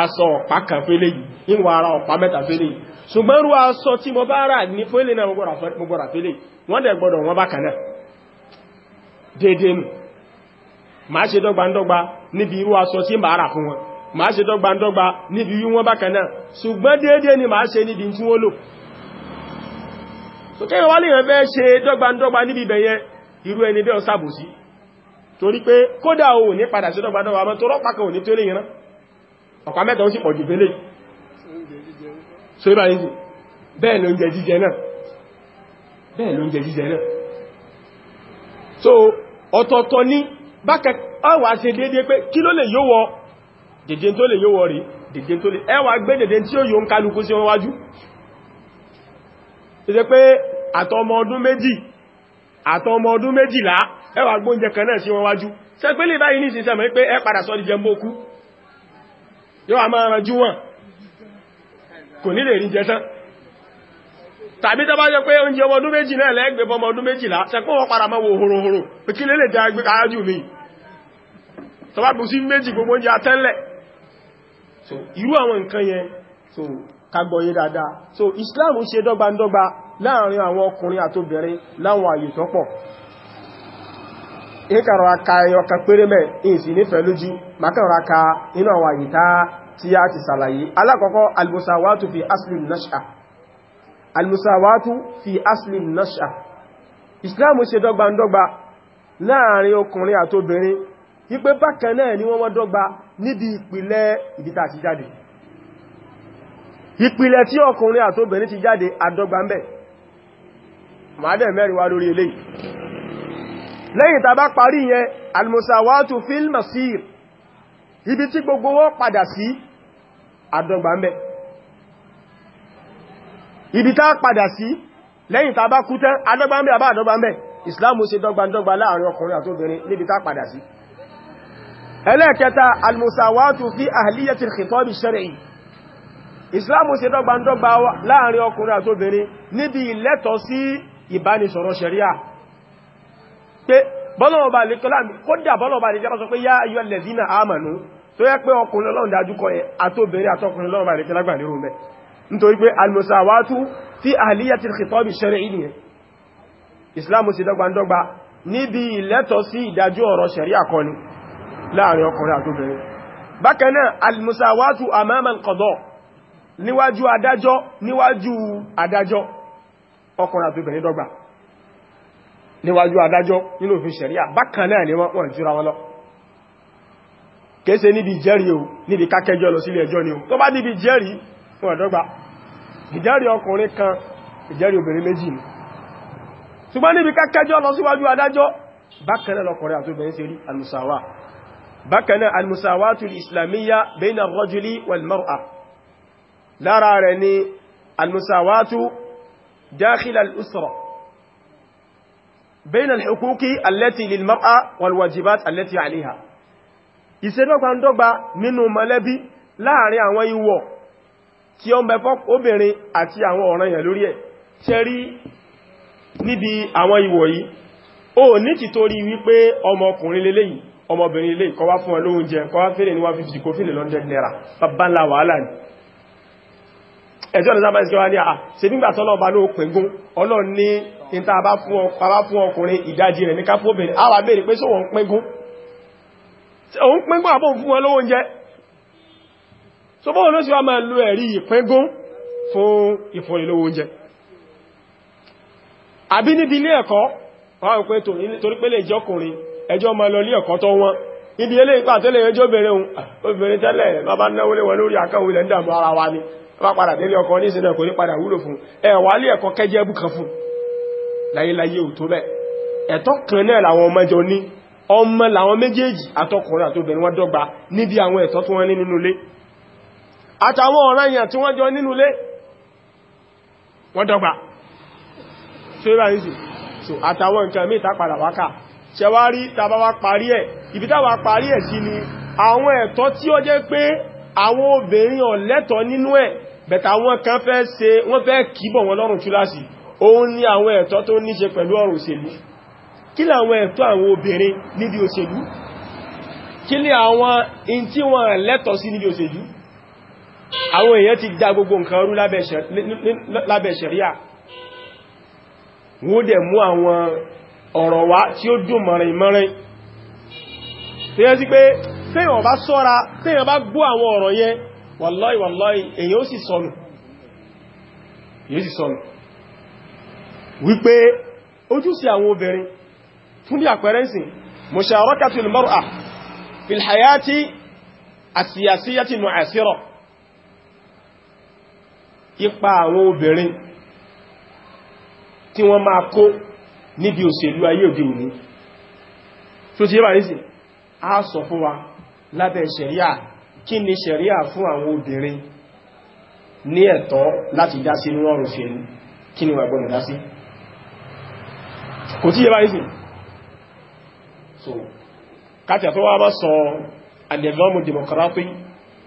aṣọ ọ̀pá kan fẹ́lẹ̀ yìí nínú ara ọ̀pá mẹ́ta fẹ́lẹ̀ yìí ṣùgbọ́n irú aṣọ tí mo bá rà ní fẹ́lẹ̀ náà mo gbọ́dọ̀ fẹ́lẹ̀ wọ́n dẹ̀ gbọ́dọ̀ wọ́n bá kan náà dédé nù máa ṣe dọ́gbandọ́gba níbi irú aṣọ tí màá rà fún wọn máa ṣe dọ́gbandọ́gba níbi irú wọn bákan náà ṣùgbọ́n dédé ni màá ṣe níbi tí wọ́n lò so kẹ́yìn wá léèyàn fẹ́ ṣe dọ́gbandọ́gba níbi ìbẹ̀yẹn irú ẹni bẹ́ẹ̀ ṣàbòsí torí pé kódà ò ní padà ṣe dọ́gbandọ́gba mọ́ tó rọ́pàá kan ò ní tó léèyàn náà ọ̀pá mẹ́ta ó sì pọ̀jù fẹ́lẹ̀ so ibà ní sí bẹ́ẹ̀ ló ń jẹ jíjẹ náà bẹ́ẹ̀ ló ń jẹ jíjẹ náà so ọ̀tọ̀ọ̀tọ̀ ní bákẹ̀ ọwà ṣe dédé pé kí ló lè yówọ dèdè tó lè yówọ rí dèdè tó lè ẹwà gbé dèdè tí ó yóò ń kálukú sí wọn wájú ṣe pé àtọmọ ọdún ọdún méjìlá ẹwà gbóúnjẹ kan náà sí wọn wájú ṣe pé lè báyìí ní ìsinsẹ́mọ̀ pé ẹ padà sọ́ yóò a máa ranjú wọn kò ní lè rí jẹta tàbí tàbá jẹ pé oúnjẹ ọmọ ọdún méjì náà lẹ́gbẹ̀ẹ́ ọmọ ọdún méjìlá sẹ́kọ́ wọ́n padà mọ́wọ́ horohoro pé lè lè jẹ́ agbájú mi so Islam ṣe dọ́gbandọ́gba láàrin ìkàrọ̀ aka ẹyọkan péré mẹ́ ìsì nífẹ̀ẹ́ lójú makàrọ̀ aka inú àwọn àyíká tí a ti sàlàyé alákọ̀ọ́kọ́ almusawatu fi aslim nasha almusawatu fi aslim nasha islamu ṣe dọ́gbandọ́gba láàrin ọkùnrin àtobìnrin wípé bákan náà ni wọ́n wọ́n dọ́gba níbi ìpìlẹ̀ ìdíta ti jáde ìpìlẹ̀ tí ọkùnrin àtobìnrin ti jáde àdọ́gba lẹ́yìn tá bá parí yẹn almusawatu fil masir ibi tí gbogbo wọ́n padà sí àdọ́gba ń bẹ ibi tá padà sí lẹ́yìn tá bá kú tán àdọ́gba ń bẹ àbá àdọ́gba ń bẹ islamu ṣe dọ́gbandọ́gba láàrin ọkùnrin àtóbìnrin níbi tá padà sí ẹlẹ́ẹ̀kẹta almusawatu fi ahliyati al-khitab islamu ṣe dọ́gbandọ́gba láàrin ọkùnrin àtóbìnrin níbi ìlẹ́tọ̀ sí ìbánisọ̀rọ̀ sharia pé bọ́lọ̀ọ̀bà lè kọ́lá kódà bọ́lọ̀ọ̀bà lè jẹ́ sọ pé yá ayọ́ lẹ̀zínà àmànú tó yẹ pé ọkùnrin ọlọ́run dájú kọ yẹn àtóbìnrin àtọkùnrin ọlọ́run bá lè kí lágbà nírú mẹ́ nítorí pé almusawatu fi ahliyati al-khitab ash-shar'i ìnìyàn islam sì dọ́gbandọ́gba níbi ìlẹ́tọ̀ sí ìdájọ́ ọ̀rọ̀ ṣẹ̀rí àkọni láàrin ọkùnrin àtóbìnrin bákan náà almusawatu amama al-qada níwájú adájọ́ níwájú adájọ́ ọkùnrin àtóbìnrin dọ́gba níwájú adájọ́ nínú òfin ṣẹ̀ríà bákan náà ni wọ́n jùra wọn lọ kéèsè níbi ìjẹ́rìí o níbi kákẹjọ́ lọ sílé ẹjọ́ ni o tó bá níbi ìjẹ́rìí wọ́n ẹ̀dọ́gba ìjẹ́rìí ọkùnrin kan ìjẹ́rìí obìnrin méjì ni ṣùgbọ́n níbi kákẹjọ́ lọ síwájú adájọ́ bákan náà بين الحقوق التي للمرأة والواجبات التي عليها ìṣedọ́gba ń dọ́gba nínú mọ̀lẹ́bí láàrin àwọn ìwọ̀ tí ó ń bẹ fún obìnrin àti àwọn ọ̀ranyàn lórí ẹ̀ tẹ́ rí níbi àwọn ìwọ̀ yìí ó ní ti torí wípé ọmọkùnrin lélẹ́yìí ọmọbìnrin lè kọwá fún olóúnjẹ kọwá fílẹ̀ ní 150 kò fílẹ̀ lọ́ndẹ̀ naira bàbá ńlá wàhálà ní ẹjọ́ ìrìnsábà ìsìnkẹwà ní àà ṣe nígbàtọ́lọ́ọ̀bá ló pẹ̀gún ọlọ́ọ̀ ní ìta bá fún ọkùnrin ìdájí rẹ̀ ní ká fóbìnrin a wà bèèrè pé sóhun pínkún òun pínkún àbò fún wọn lówó oúnjẹ so bóhun ló sì wá máa lo ẹ̀rí ìpínkún fún ìfúnni lówó oúnjẹ àbí níbi ilé ẹ̀kọ́ wọ́n pẹ́ torí pé lè jọkùnrin ẹjọ́ máa lọ ilé ẹ̀kọ́ tó wọn ibi ilé ìpà tẹ́lẹ̀ ẹjọ́ obìnrin ohun ah, obìnrin tẹ́lẹ̀ ma bá náwó lé wọn lórí àkáwò ilẹ̀ ń ara wa ni wọ́n padà délé ọkọ̀ ní ìsinmi ẹ̀kọ́ ní padà wúlò fún ẹ̀wà ilé ẹ̀kọ́ kẹjẹ́ bùkan fún láyéláyé ò tó bẹ́ẹ̀ ẹ̀tọ́ kan náà làwọn ọmọ jọ ní ọmọ làwọn méjèèjì àtọkùnrin àtobìnrin wọ́n dọ́gba níbi àwọn ẹ̀tọ́ tí wọ́n ní nínú ilé àtàwọn ọ̀ranyàn tí wọ́n jọ nínú ilé wọ́n dọ́gba so àtàwọn nǹkan mí ìtàpadà wákà ṣẹwárí tàbá wá parí ẹ̀ sí ni àwọn ẹ̀tọ́ tí ó jẹ́ pé àwọn obìnrin ọ̀lẹ́tọ̀ nínú ẹ̀ bẹ̀tà wọn kan fẹ́ ṣe wọ́n fẹ́ kìíbọ̀ wọn lọ́rùn túlásì òun ní àwọn ẹ̀tọ́ tó ní ṣe pẹ̀lú ọ̀rọ̀ òṣèlú kí ni àwọn ẹ̀tọ́ àwọn obìnrin níbi òṣèlú kí ni àwọn in tí wọ́n lẹ́tọ̀ sí níbi òṣèlú àwọn èèyàn ti dá gbogbo nǹkan rú lábẹ́ ṣẹ̀ríà wó dẹ̀ mú àwọn ọ̀rọ̀ wá tí ó dùn mọ̀rin mọ̀rin tí yẹ́ sí pé téèyàn bá ṣọ́ra téèyàn bá gbọ́ àwọn wípé ojúṣe àwọn obìnrin fún bí àpẹẹrẹ ìsìn musharakatul mar'a fil hayati asiyasiyati mu'asira ipa àwọn obìnrin tí wọ́n máa kó níbi òṣèlú ayé òde òní tó ti yẹ́ bàrí sí a sọ fún wa lábẹ́ ṣẹ̀ríà kí ni ṣẹ̀ríà fún àwọn obìnrin ní ẹ̀tọ́ láti dá sí inú ọ̀rọ̀ òṣèlú kí ni wà gbọ́nà dá sí kò tí yẹ bá ìsìn so káàkiri àtọ́ wá bá sọ alẹ́gbọ́mù democratic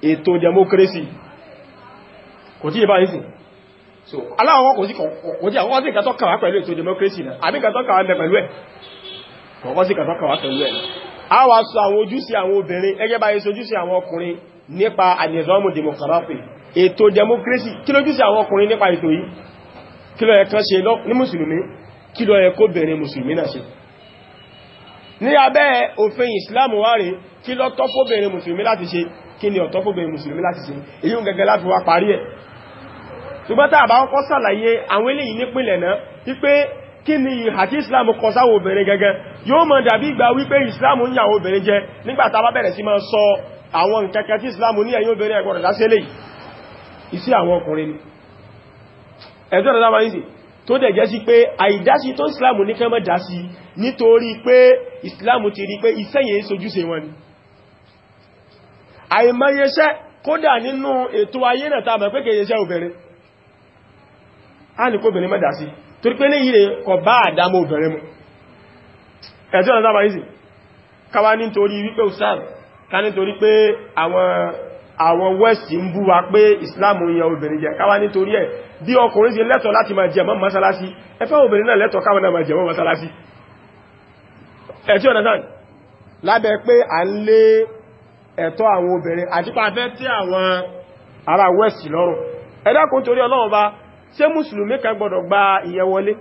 ètò democracy kò tí yẹ bá ìsìn so aláwọ̀ kò sí kọ̀kọ́ sí ìkàtọ́ kàwà pẹ̀lú ètò democracy náà àbí ìkàtọ́ kàwà pẹ̀lú ẹ̀ kọ̀kọ́ sí ìkàtọ́ kàwà pẹ̀lú ẹ̀ a wá sọ àwọn ojúṣe àwọn obìnrin ẹgẹ́ bá yẹsọ ojúṣe àwọn ọkùnrin nípa alẹ́gbọ́mù democratic ètò democracy kí lójúṣe àwọn ọkùnrin nípa ètò yìí kí ló yẹ kán ṣe ní mùsùlùmí kí ló yẹ kó bẹ̀rẹ̀ mùsùlùmí náà ṣe ní abẹ́ òfin ìsìláàmù wá rí kí ló tọ́ fóbìnrin mùsùlùmí láti ṣe kí ni ọ̀tọ́ fóbìnrin mùsùlùmí láti ṣe èyí gẹ́gẹ́ láti wá parí ẹ̀ ṣùgbọ́n tá àbá kọ́kọ́ sàlàyé àwọn eléyìí nípìnlẹ̀ náà wípé ni ìhà tí ìsìláàmù kọ sáwọn obìnrin gẹ́gẹ́ yóò mọ̀ dàbí ìgbà wípé ìsìláàmù ń yàwó obìnrin jẹ nígbà tá a bá bẹ̀rẹ̀ sí máa sọ tó dẹ̀ jẹ́ sí pé àìdásí tó islam ní kẹ́mọ́ dásí nítorí pé islam ti rí pé iṣẹ́ yẹn sojúṣe wọn ni àìmọ́yẹṣẹ́ kódà nínú ètò ayé náà tàbí pé kèyẹṣẹ́ obìnrin a ní kó obìnrin mẹ́dà sí torí pé léyìí rẹ̀ kọ bá àdámọ́ obìnrin mu ẹ̀tí ọ̀nà sábà yìí sí káwá àwọn west ń bú wa pé islam ń yan obìnrin jẹ káwa nítorí ẹ̀ bí ọkùnrin sí lẹ́tọ̀ láti máa jẹ mọ́ masalasi ẹfẹ́ obìnrin náà lẹ́tọ̀ káwọn náà máa jẹ mọ́ masalasi ẹ̀tí ọ̀nà náà lábẹ́ pé à ń lé ẹ̀tọ́ àwọn obìnrin àti pàfẹ́ tí àwọn ará west lọ́rùn ẹ̀dàkùn torí ọlọ́run bá ṣé mùsùlùmí kan gbọ́dọ̀ gba ìyẹn wọlé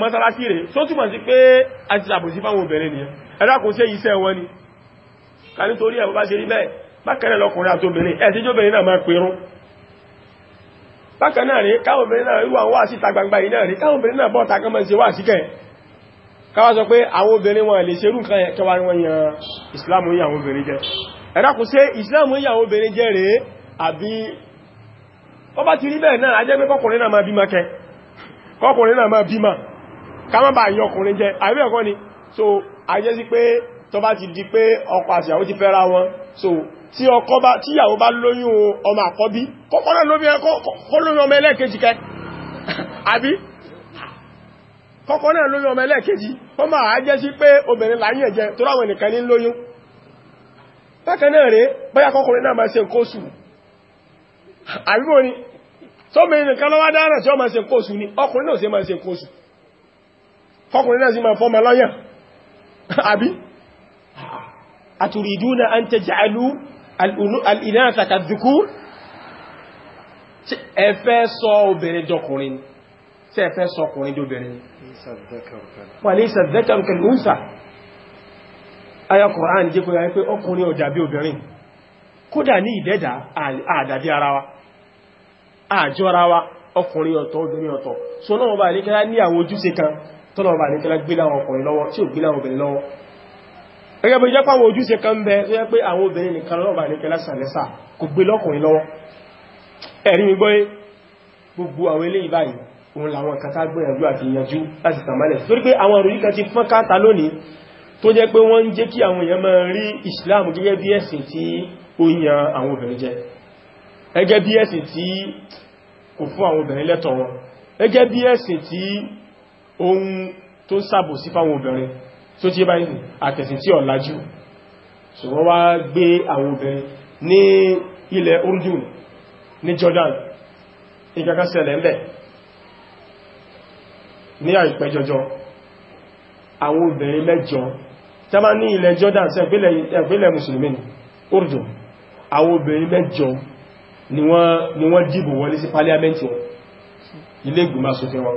masalasi rẹ̀ sótúmọ̀ sí pé àti àbòsí fáwọn obìnrin nìyẹn ẹ̀dàkùn ṣe iṣẹ́ wọn ni ká nítorí ẹ̀ bá ṣe rí bẹ́ẹ̀ bákanáà lọkùnrin àtòbìnrin ẹ̀ tí jóbìnrin náà máa pèrún bákanáà rí káwọn obìnrin náà wà wá síta gbangba yìí náà rí káwọn obìnrin náà bọ́ta kan máa ṣe wá síkẹ̀ káwá sọ pé àwọn obìnrin wọn lè ṣerú nǹkan kẹwàá ni wọ́n yan ìsìláàmù yìí àwọn obìnrin jẹ́ ẹ̀dàkùn sí ìsìláàmù yìí àwọn obìnrin jẹ́ rèé àbí wọ́n bá ti rí bẹ́ẹ̀ náà ajẹ́ pé náà máa bímọ kẹ ká má bàa yọkùnrin jẹ àbí ẹ̀kọ́ ni so ajẹ́ sí pé tó bá ti di pé ọkọ àti ìyàwó ti fẹ́ra wọn so tí ọkọ bá tí ìyàwó bá lóyún ọmọ àkọ́bí kọ́kọ́rọ́ lómi ẹ̀kọ́ lóyún ọmọ ẹlẹ́ẹ̀kejì kẹ́ àbí kọ́kọ́rọ́ lóyún ọmọ ẹlẹ́ẹ̀kejì ó máa jẹ́ sí pé obìnrin láyé ẹ̀jẹ̀ tó ráwọn nìkan ní lóyún bákan náà rèé bóyá kọ́kọ́rọ́ náà máa ṣe nǹkan oṣù àbí mo ní sọ́mọ nìkan ló wá dára tí ó máa ṣe nǹkan oṣù ni àtùrìdúnà an taj'alu al-inatha kadh-dhukur ẹ fẹ́ sọ obìnrin dọkùnrin tẹ́ fẹ́ sọ ọkùnrin dóbìnrin wà ní ìsàdẹ́kàrù kẹlùúnsà ayá Kùránì jẹ́ kó yà pé ọkùnrin ò dàbí obìnrin kódà ní ìdẹ́dà àdàbí ara wa àjọra wa ọkùnrin ọ̀tọ̀ obìnrin ọ̀tọ̀ so náà bá ní kẹ́lá ní àwọn ojúṣe kan tọ́nà bá ní kẹ́lá gbílá ọkùnrin lọ́wọ́ tí ò gbílá obìnrin lọ́wọ́ gẹ́gẹ́ bí jẹ́ pàwọn ojúṣe kan bẹ tó yẹ pé àwọn obìnrin nìkan lọ́ọ̀bà ní kẹlá sàlẹ́sà kò gbé lọ́kùnrin lọ́wọ́ ẹ̀rí mi gbọ́yé gbogbo àwọn ilé ìbáyìí òun làwọn kan tá gbìyànjú àti ìyànjú láti tàmálẹ̀ torí pé àwọn òròyìn kan ti fọ́n káta lónìí tó jẹ́ pé wọ́n ń jẹ́ kí àwọn èèyàn máa rí ìsìláàmù gẹ́gẹ́ bí ẹ̀sìn tí ó yan àwọn obìnrin jẹ gẹ́gẹ́ bí ẹ̀sìn tí kò fún àwọn obìnrin lẹ́tọ̀ọ́ wọn gẹ́gẹ́ bí ẹ̀sìn tí ohun tó ń ṣàbòsí fáwọn obìnrin tó tí bá yìí àtẹ̀sìn tí ọ̀lájú so wọ́n wá gbé àwọn obìnrin ní ilẹ̀ Urdun ní Jordan ìkàkà ṣẹlẹ̀ ńbẹ̀ ní àìpẹ́ jọjọ àwọn obìnrin mẹ́jọ tí a máa ní ilẹ̀ Jordan sí ẹ̀pínlẹ̀ musulmi Urdun àwọn obìnrin mẹ́jọ ni wọ́n dìbò wọlé sí pálíámẹ́ntì wọn ilé ìgbìmọ̀ aṣòfin wọn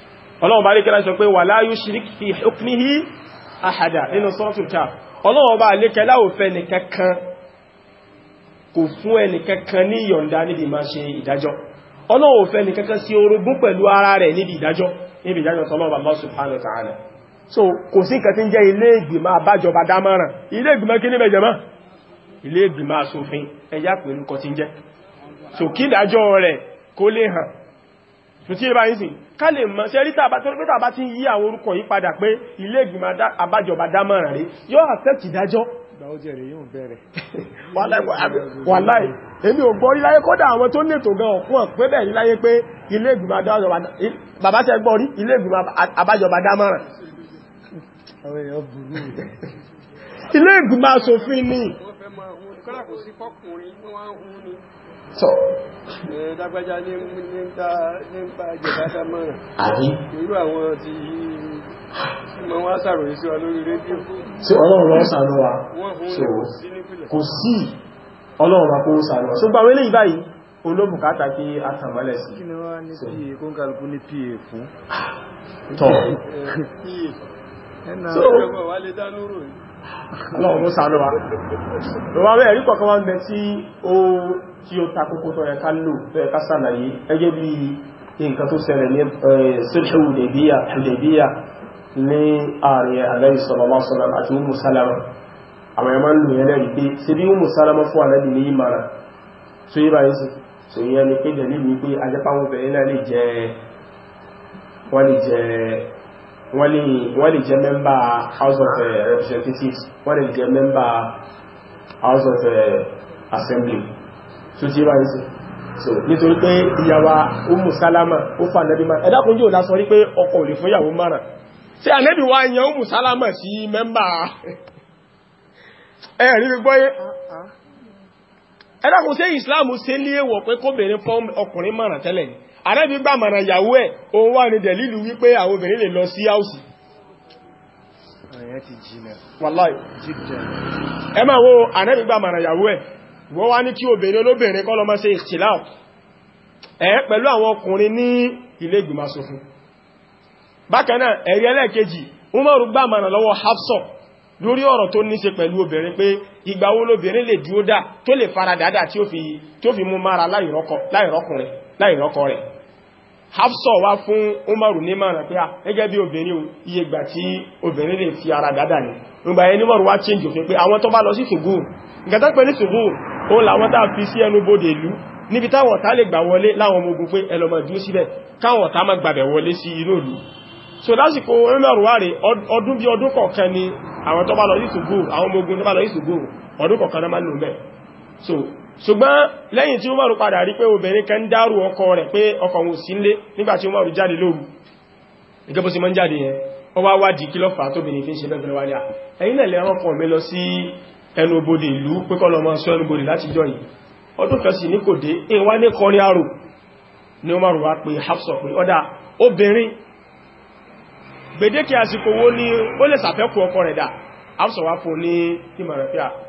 ọlọ́run bá lékẹ́lá sọ pé wala yushrik fi hukmihi ahada nínú sọ́rọ̀tún ká ọlọ́run bá lékẹ́lá ò fẹ́ nìkankan kò fún ẹnìkankan ní yọ̀ǹda níbi máa ṣe ìdájọ́ ọlọ́run ò fẹ́ nìkankan sí orogún pẹ̀lú ara rẹ̀ so kò sí nǹkan tí ń jẹ́ ilé ìgbìmọ̀ àbájọba dámọ̀ràn ilé ìgbìmọ̀ kí ní mẹ́jẹ̀mọ́ so kí ìdájọ́ rẹ̀ tó tí ẹbá yìí ká lè mọ̀ sí ẹ̀rí tàbátọ́lọ́pẹ́ta bá ti ń yí àwọn orúkọ yí padà pé ilé ìgbìmọ̀ àbájọba dámọ̀ràn rí yóò affect ìdájọ́ wàláì èmi ò gbọ́rí láyé kódà àwọn tó nètò gan ọ̀pọ̀ pé bẹ́ẹ̀ ní láyé pé ilé ìgbìmọ̀ àbájọba dámọ̀ràn ilé ìgbìmọ̀ aṣòfin ni sọ. lágbájá ní nípa nípa jẹ̀bátà mọ́ràn. àbí. irú àwọn ti mọ wá sàròyìn sí wa lórí rédíò. tí ọlọ́run lọ sàánú wa kò sí ọlọ́run wa kó sàánú wa. ṣùgbọ́n àwọn eléyìí báyìí olóbùkátà kí a tàn mọ́lẹ̀ sí. kí ni wọ́n á ní pa kó ń kálukú ní pa fún. Ah, tọ́ eh, ọlọ́run ló sàánú wa. lọ́wọ́ bẹ́ẹ̀ rí kọ̀ọ̀kan wá ń bẹ tí tí ó takókó tó yẹ ká lò fẹ́ ká sàlàyé ẹgẹ́ bí nǹkan tó ṣẹlẹ̀ ní sulhu Hudaybiyah ní ààrẹ alayhi sallallahu alaihi wasallam àti Ummu Salama àwọn ẹ̀mọ́ lò yẹn lẹ́rìí pé ṣe bí Ummu Salama fún alẹ́bì ní ìmara tó ni pé dẹ̀lú wípé ajẹ́páwọn obìnrin náà lè house of eh, representatives wọ́n lè jẹ́ house of eh, assembly tó jí bá ń so nítorí pé ìyàwó Ummu Salama ó fà nẹ́bí máa ẹ̀dàkùn jò lásọ rí ọkọ mara tí a nẹ́bí wá yan Salama sí mẹ́mbà ẹ̀ gbọ́yé ẹ̀dàkùn sí ìsìláàmù sí ilé ẹ̀wọ̀ pé kóbìnrin fún ọkùnrin mara tẹ́lẹ̀ ni wo gbà wọ́n wá ní kí obìnrin olóbìnrin kọ́ lọ máa ṣe ìtìláù ẹ̀ pẹ̀lú àwọn ọkùnrin ní ilé ìgbìmọ̀ aṣòfin bákan náà ẹ̀rí ẹlẹ́ẹ̀kejì Umaru gbà mọ̀nà lọ́wọ́ Hafsa lórí ọ̀rọ̀ tó ní ṣe pẹ̀lú obìnrin pé ìgbà wo lóbìnrin lè dúó dá tó lè fara dáadáa tí ó fi mú mára láìrọ́kọ Hafsa wá fún Umaru ní mara pé ah, gẹ́gẹ́ bí obìnrin iye gbà tí obìnrin lè fi ara gádà ní nígbà ẹni Umaru wá change òfin pé àwọn tó bá lọ sí ṣùgbù ìgbàtà pẹ̀lú ṣùgbù o láwọn tàà fi sí ẹnu bóde ìlú níbi táwọn ọ̀tá lè gbà wọlé láwọn ọmọ ogun pé so lásìkò Umaru wá rè ọdún bí ọdún kọ̀ọ̀kan ni àwọn tó bá lọ sí ṣùgbù àwọn ọmọ ogun so ṣùgbọ́n lẹ́yìn tí Umaru padà rí pé obìnrin kan dárú ọkọ rẹ̀ pé ọkọ wọn sí nlé nígbàtí Umaru jáde lóru ìgẹ́bó sí mọ́n jáde yẹn ó wá wádìí kí lọ́fà tó bìnrin fi ń ṣe bẹ́ẹ̀ wáyà ẹ̀yìn lẹ̀lẹ̀ ọkọ̀ mi lọ sí ẹnu bodè ìlú pẹ́kọ́ lọ mọ́ sọ ẹnu bodè láti jọ yìí ọdún kan sì ní ni Umaru wá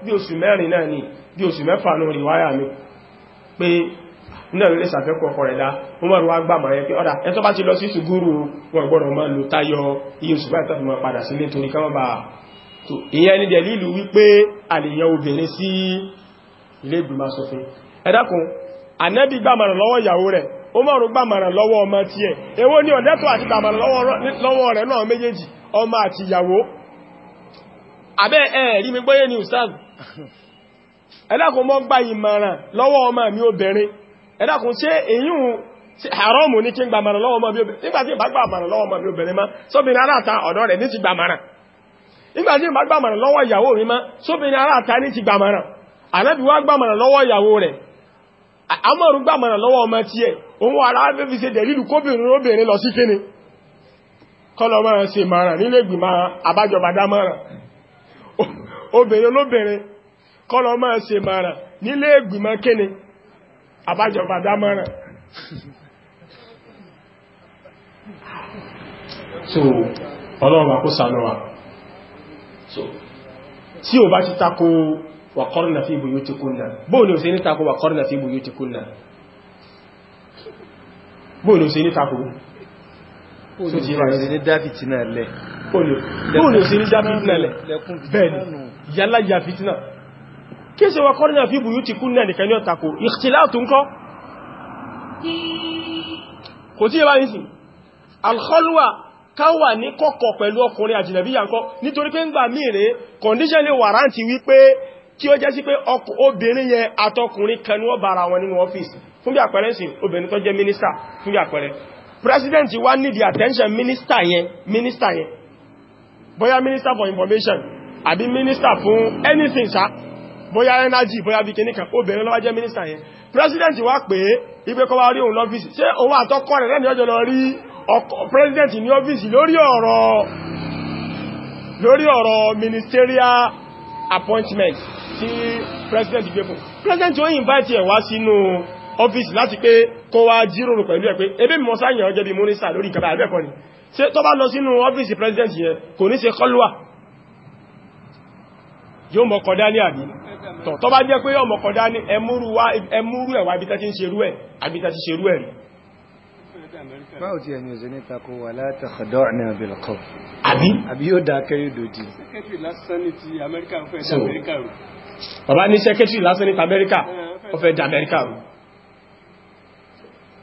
bí oṣù mẹ́rin náà ni bí oṣù mẹ́fà ní ríwáyà mi pé náà lè sàfẹ́kọ̀ ọkọ̀ rẹ̀ dá Umaru wá gbà máa yẹ pé ọ́dá ẹ̀tọ́ bá ti lọ sí ṣùgúrù wọn gbọ́dọ̀ máa lò táyọ iye oṣù báyìí tàbí máa padà sílé torí ká máa bá tó ìyẹn ní dẹ̀lílù wípé àlèyàn obìnrin sí ilé ìgbìmọ̀ asòfin ẹ dákun Ànábì gbàmọ̀ràn lọ́wọ́ ìyàwó ẹ̀ẹ̀rí mi gbọ́yé ni ustaz ẹ̀dàkùn mọ́ gba ìmọ̀ràn lọ́wọ́ ọmọ mi obìnrin ẹ̀dàkùn ṣe èyún haramu ní kí n gbàmàrà lọ́wọ́ ọmọ mi obìnrin nígbàtí lọ́wọ́ ọmọ mi obìnrin má sóbìnrin aláta ọ̀dọ́ rẹ̀ ní ti gbàmàrà nígbàtí ìbá lọ́wọ́ ìyàwó mi má sóbìnrin aláta ní ti gbàmàrà ànábì wá gbàmàrà lọ́wọ́ ìyàwó rẹ̀ amọ́rù gbàmàrà lọ́wọ́ ọmọ tí ẹ̀ òun ara fẹ́ fi ṣe dẹ̀lílù kóbìnrin obìnrin lọ sí kíni mara nílé ìgbìmọ̀ kọ́lọ máa ṣe mara nílé ìgbìmọ̀ kíni àbájọba dámọ́ràn so ọlọ́ọ̀bà kó sànúwà so tí o bá ti tako wàkọ́rùn na fi buyutikunna bóò ni o se ní tako wàkọ́rùn na fi buyutikunna bóò ni o se ní tako bóò ni David náà lẹ bóò ni o se ní David náà lẹ kí ṣe wọ́n kọ́rìnà fi bùyú ti kún náà nìkan ní ọ̀tàkò ìkìtìláàtù ń kọ́ kò tí ìbá nìsìn alkhọ́lùwà káwà ní kọ́kọ́ pẹ̀lú ọkùnrin àjìnàbíyà ń kọ́ nítorí pé ń gbà mìírí kọ̀ndíṣẹ́lì wàrántì wípé kí ó jẹ́ sí pé obìnrin yẹn àtọkùnrin kan ní wọ́n bára minister yẹn minister yẹn bóyá minister for information àbí minister fún anything sáà bóyá energy bóyá bí kìníkà obìnrin ló wá jẹ́ mínísítà yẹn president wá pé ipé kọ́ wá rí òun lọ́fíìsì ṣé òun àtọ́kọ́ rẹ̀ lẹ́ni ọjọ́ lọ rí president ní ọ́fíìsì lórí ọ̀rọ̀ lórí ọ̀rọ̀ ministerial appointment tí president gbé fún president ó invite ẹ̀ wá sínú ọ́fíìsì láti pé kó wá jíròrò pẹ̀lú ẹ̀ pé ebí mọ́ sáyẹ̀ ọjọ́ bí mínísítà lórí ìkàbà àbẹ́kọ́ ni ṣé tó bá lọ sínú ọ́fíìsì president yẹn kò ní ṣe kọlùwà yóò mọ̀ kọ̀dá ní àbí tọ̀ tọ́ bá jẹ́ pé yóò mọ̀ kọ̀dá ní ẹmúrú ẹ̀wà ibi tẹ́kí ń ṣerú ẹ̀ àbí tẹ́kí ṣerú ẹ̀ báwo ti ẹni òsè ní tako wà látà ọ̀dọ́ ní ọ̀bẹ̀lẹ̀ kọ́ àbí àbí yóò dá akẹ́rẹ́ dòdì sẹ́kẹ́tìrì lásán ní ti amẹ́ríkà ń fẹ́ dà amẹ́ríkà rú bàbá ní sẹ́kẹ́tìrì lásán ní ti eh, amẹ́ríkà rú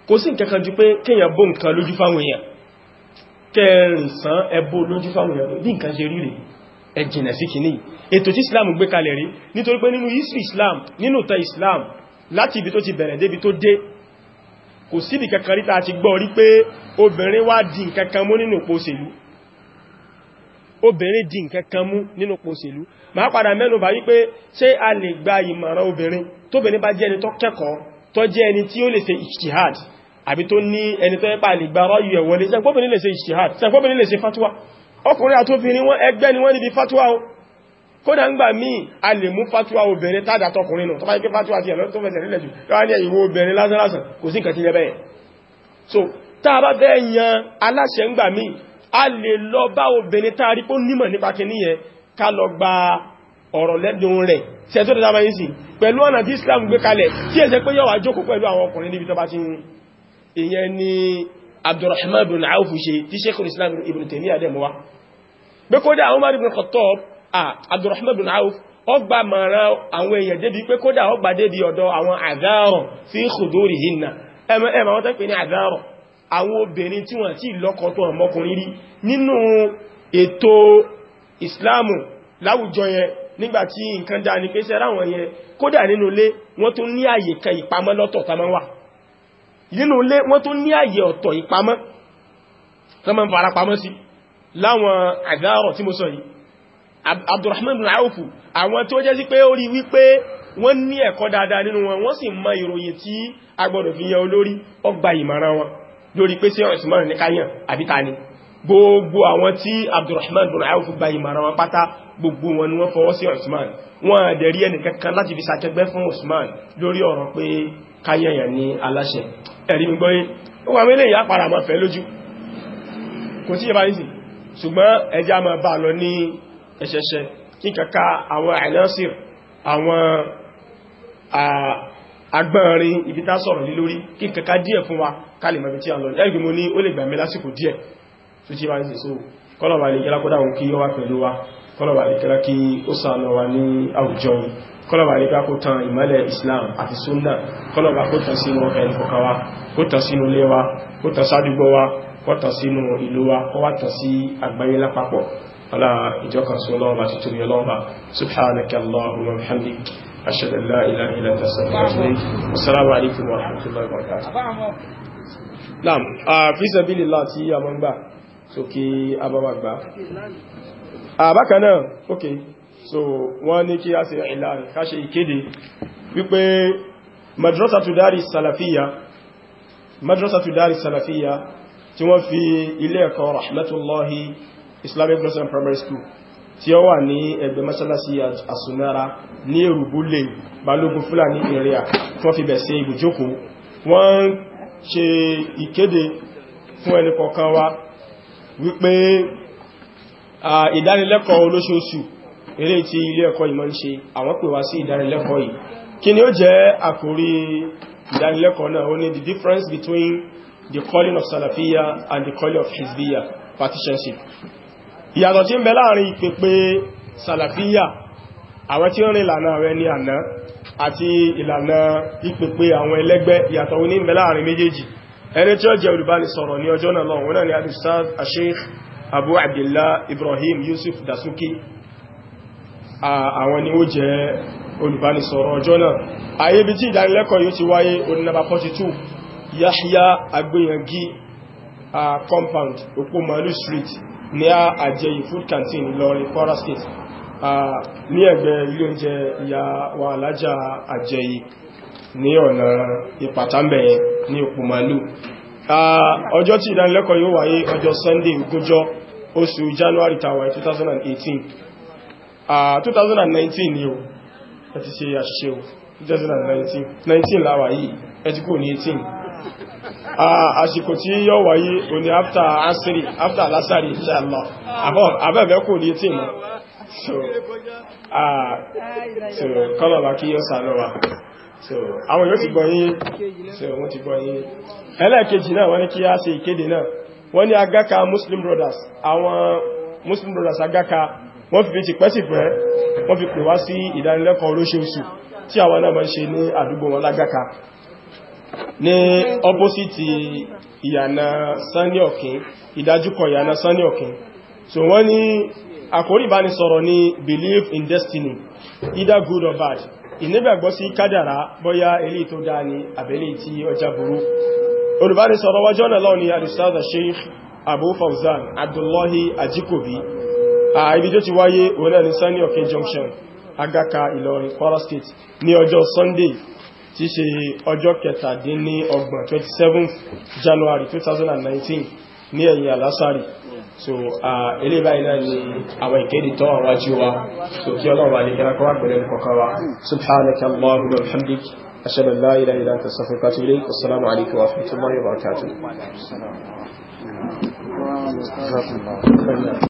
kò sí nǹkankan ju pé kéèyàn bó nǹkan lójú fáwọn èèyàn kẹrìnsán ẹbó ẹ jìnà sí kìíní ètò tí islam gbé kalẹ̀ rí nítorí pé nínú history islam nínú ta islam láti ibi tó ti bẹ̀rẹ̀ débi tó dé kò síbi kankan rí ta ti gbọ́ rí pé obìnrin wá di nǹkan kan mú nínú òṣèlú obìnrin di nǹkan kan mú nínú òṣèlú ma padà mẹ́nu bá wípé ṣé a lè gba ìmọ̀ràn obìnrin tóbìnrin bá jẹ́ ẹni tó kẹ́kọ̀ọ́ tó jẹ́ ẹni tí ó lè ṣe ijtihad àbí tó ní ẹni tó yẹ́pà lè gba rọ́yù ẹ̀wọlé sẹ́gbọ́bìnrin lè ṣe ijtihad sẹ́gbọ́bìnrin lè ṣe fatuwa ọkùnrin àtóbìnrin wọ́n ẹgbẹ́ ni wọ́n níbi fatuwa o kódà ń gbà míì a lè mú fatuwa obìnrin tàdà tọkùnrin nù tọ́bá ikẹ́ fatuwa ti ẹ̀lọ́ tó fẹsẹ̀ nílẹ̀ jù yọ́ ní ìwò obìnrin lásánlásán kò sí nǹkan ti yẹ so tá a bá fẹ́ yan aláṣẹ ń gbà míì a lè lọ bá obìnrin tá a rí pó nímọ̀ nípa kí níyẹn ká lọ gba ọ̀rọ̀ lẹ́dùn rẹ̀ ṣe tó dáadáa yìí sí pẹ̀lú ni abdurrahman bin awfu ṣe tí sheikh islam ibn taymiyyah dẹ̀ mọ́ wá pé kódà umar ibn khattab abdurrahman bin awf ó gba mọ̀ràn àwọn èèyàn débi pé kódà ó gba débi ọ̀dọ̀ àwọn àdáàrọ̀ fi khudurihinna ẹmà wọ́n tẹ́ pé ní àdáàrọ̀ àwọn obìnrin tí wọ́n ti lọ́kọ ọmọkùnrin rí nínú ètò islamu láwùjọ yẹn nígbàtí nǹkan dá ní pé sẹ́ráwọn yẹn kódà nínú ilé wọ́n tún ní àyè kan ìpamọ́ lọ́tọ̀ tamọ́wàá nínú ilé wọ́n tó ní àyè ọ̀tọ̀ ìpamọ́ tó mọ́ fara pamọ́ sí láwọn àgbáàrọ̀ tí mo sọ yìí Abdurrahman bin Auf àwọn tó jẹ́ sí pé ó rí wípé wọ́n ní ẹ̀kọ́ dáadáa nínú wọn wọ́n sì mọ ìròyìn tí a gbọ́dọ̀ fi yan olórí ọgbà ìmọ̀ràn wọn lórí pé sí ọ̀sìmọ̀ràn ní káyàn àbí ta ni gbogbo àwọn tí Abdurrahman bin Auf gba ìmọ̀ràn wọn pátá gbogbo wọn ni wọ́n fọwọ́ sí Osman wọn àdẹ̀rí ẹnìkankan láti fi sàkẹgbẹ́ fún Osman lórí ọ̀rọ̀ pé káyẹ̀yàn ní aláṣẹ ẹ̀rí mi gbọ́yí ó wà mẹ́lẹ̀ ìyá para máa fẹ́ lójú kò tí yẹba nìsì ṣùgbọ́n ẹjá máa bá lọ ní ẹ̀ṣẹ̀ṣẹ̀ kí kàkà àwọn àìlẹ́sìr àwọn agbọ́nrin ibi tá sọ̀rọ̀ lé lórí kí kàkà díẹ̀ fún wa kálì mọ̀ tí a lọ wa kọ́lọ̀wà lè gẹ́lá kí ó sàánà wa ní kọlọ̀bà ní ká kó tan ìmọ́lẹ̀ Islam àti sunna kọlọ̀bà kó tan sínú ẹni kọ̀ọ̀kan wa kó tan sínú ilé wa kó tan sádúgbò wa kó tan sínú ìlú wa kó wá tan sí àgbáyé lápapọ̀ ọlá ìjọkànsó lọ́wọ́ àti torí ọlọ́wọ́ subhanaka Allahumma wa bihamdika ashhadu an la ilaha illa anta astaghfiruka assalamu alaikum wa rahmatullahi wa barakatuh a mọ́ ń gbà okay so wọ́n ní kí a ṣe ìlànà ká ṣe ìkéde wípé madrasa tu dari salafiya madrasa tu dari salafiya tí wọ́n fi ilé ẹ̀kọ́ rahmatullahi islamic girls primary school tí ó wà ní ẹgbẹ̀ mọ́sálásí àsùnára ní èrùbúlé balógun fúlàní area tí wọ́n fi bẹ̀ sí ibùjókò wọ́n ṣe ìkéde fún ẹni kọ̀ọ̀kan wa wípé ìdánilẹ́kọ̀ọ́ olóṣooṣù eré tí ilé ẹ̀kọ́ ìmọ̀ ń ṣe àwọn pè wá sí ìdánilẹ́kọ̀ọ́ yìí kí ni ó jẹ́ àkórí ìdánilẹ́kọ̀ọ́ náà ó ní the difference between the calling of Salafiyya and the calling of Hizbiyya partitionship. ìyàtọ̀ tí ń bẹ láàrin ìpèpè Salafiyya àwọn tí ó rìn ìlànà rẹ̀ ní àná àti ìlànà ìpèpè àwọn ẹlẹ́gbẹ́ ìyàtọ̀ ó ní ń bẹ láàrin méjèèjì ẹni tí ó jẹ́ olùbánisọ̀rọ̀ ní ọjọ́ náà lọ́wọ́ náà ni Al-Ustadh Abu Abdullah Ibrahim Yusuf Dasuki àwọn ni ó jẹ́ olùbánisọ̀rọ̀ ọjọ́ náà ayé bí tí ìdánilẹ́kọ̀ọ́ yóò ti wáyé oní nàbà 42 Yahya agbóyangi compound òpó malu street ní àjẹyìn food canteen Ìlọrin Kwara State ní ẹ̀gbẹ́ ilé oúnjẹ ìyá wa alájà àjẹyì ní ọ̀nà ìpàtàmbẹ̀ ní òpó malu ọjọ́ tí ìdánilẹ́kọ̀ọ́ yóò wáyé ọjọ́ Sunday ogúnjọ́ oṣù January tàwà 2018 2019 ni o ẹ ti ṣe àṣìṣe o 2019 19 láwà yìí ẹ ti kò ní 18 àṣìkò tí yọ wáyé o ní after asiri after lasari inshallah abẹ́bẹ́ kò ní 18 mọ́ so ah so kọ́lọ̀bà kí yọ sàánà wa so àwọn yóò ti gbọ́ so wọ́n ti gbọ́ yín ẹlẹ́ẹ̀kejì náà wọ́n ní kí a ṣe ìkéde náà wọ́n ní agáka muslim brothers àwọn muslim brothers agáka wọ́n fi ti pẹ́sì pẹ́ wọ́n fi pè wá sí ìdánilẹ́kọ̀ọ́ olóṣèṣù tí àwọn náà ṣe ní àdúgbò wọn lágáka ní ọpọ́sìtì ìyànà so wọ́n ni àkórí ìbánisọ̀rọ̀ in destiny either good or bad ìnígbàgbọ́ sí kádàrá bóyá èlé tó dáa ni tí burú olùbánisọ̀rọ̀ wájọ́ náà Sheikh Abu Fawzan Abdullahi Ajikobi Ah, ibi tó ti wáyé òun náà ní sunny okay junction agaka ìlọrin kwara state ní ọjọ́ sunday tí ṣe ọjọ́ kẹtàdínlọ́gbọ̀n 27th january 2019 ní ẹ̀yìn alásàrì so ilé báyìí náà ni àwọn ìkéde tó àwọn ajú wa so kí ọlọ́run wà ní kí subhanaka allahumma wa bihamdik assalamu alaykum wa rahmatullahi wa barakatuh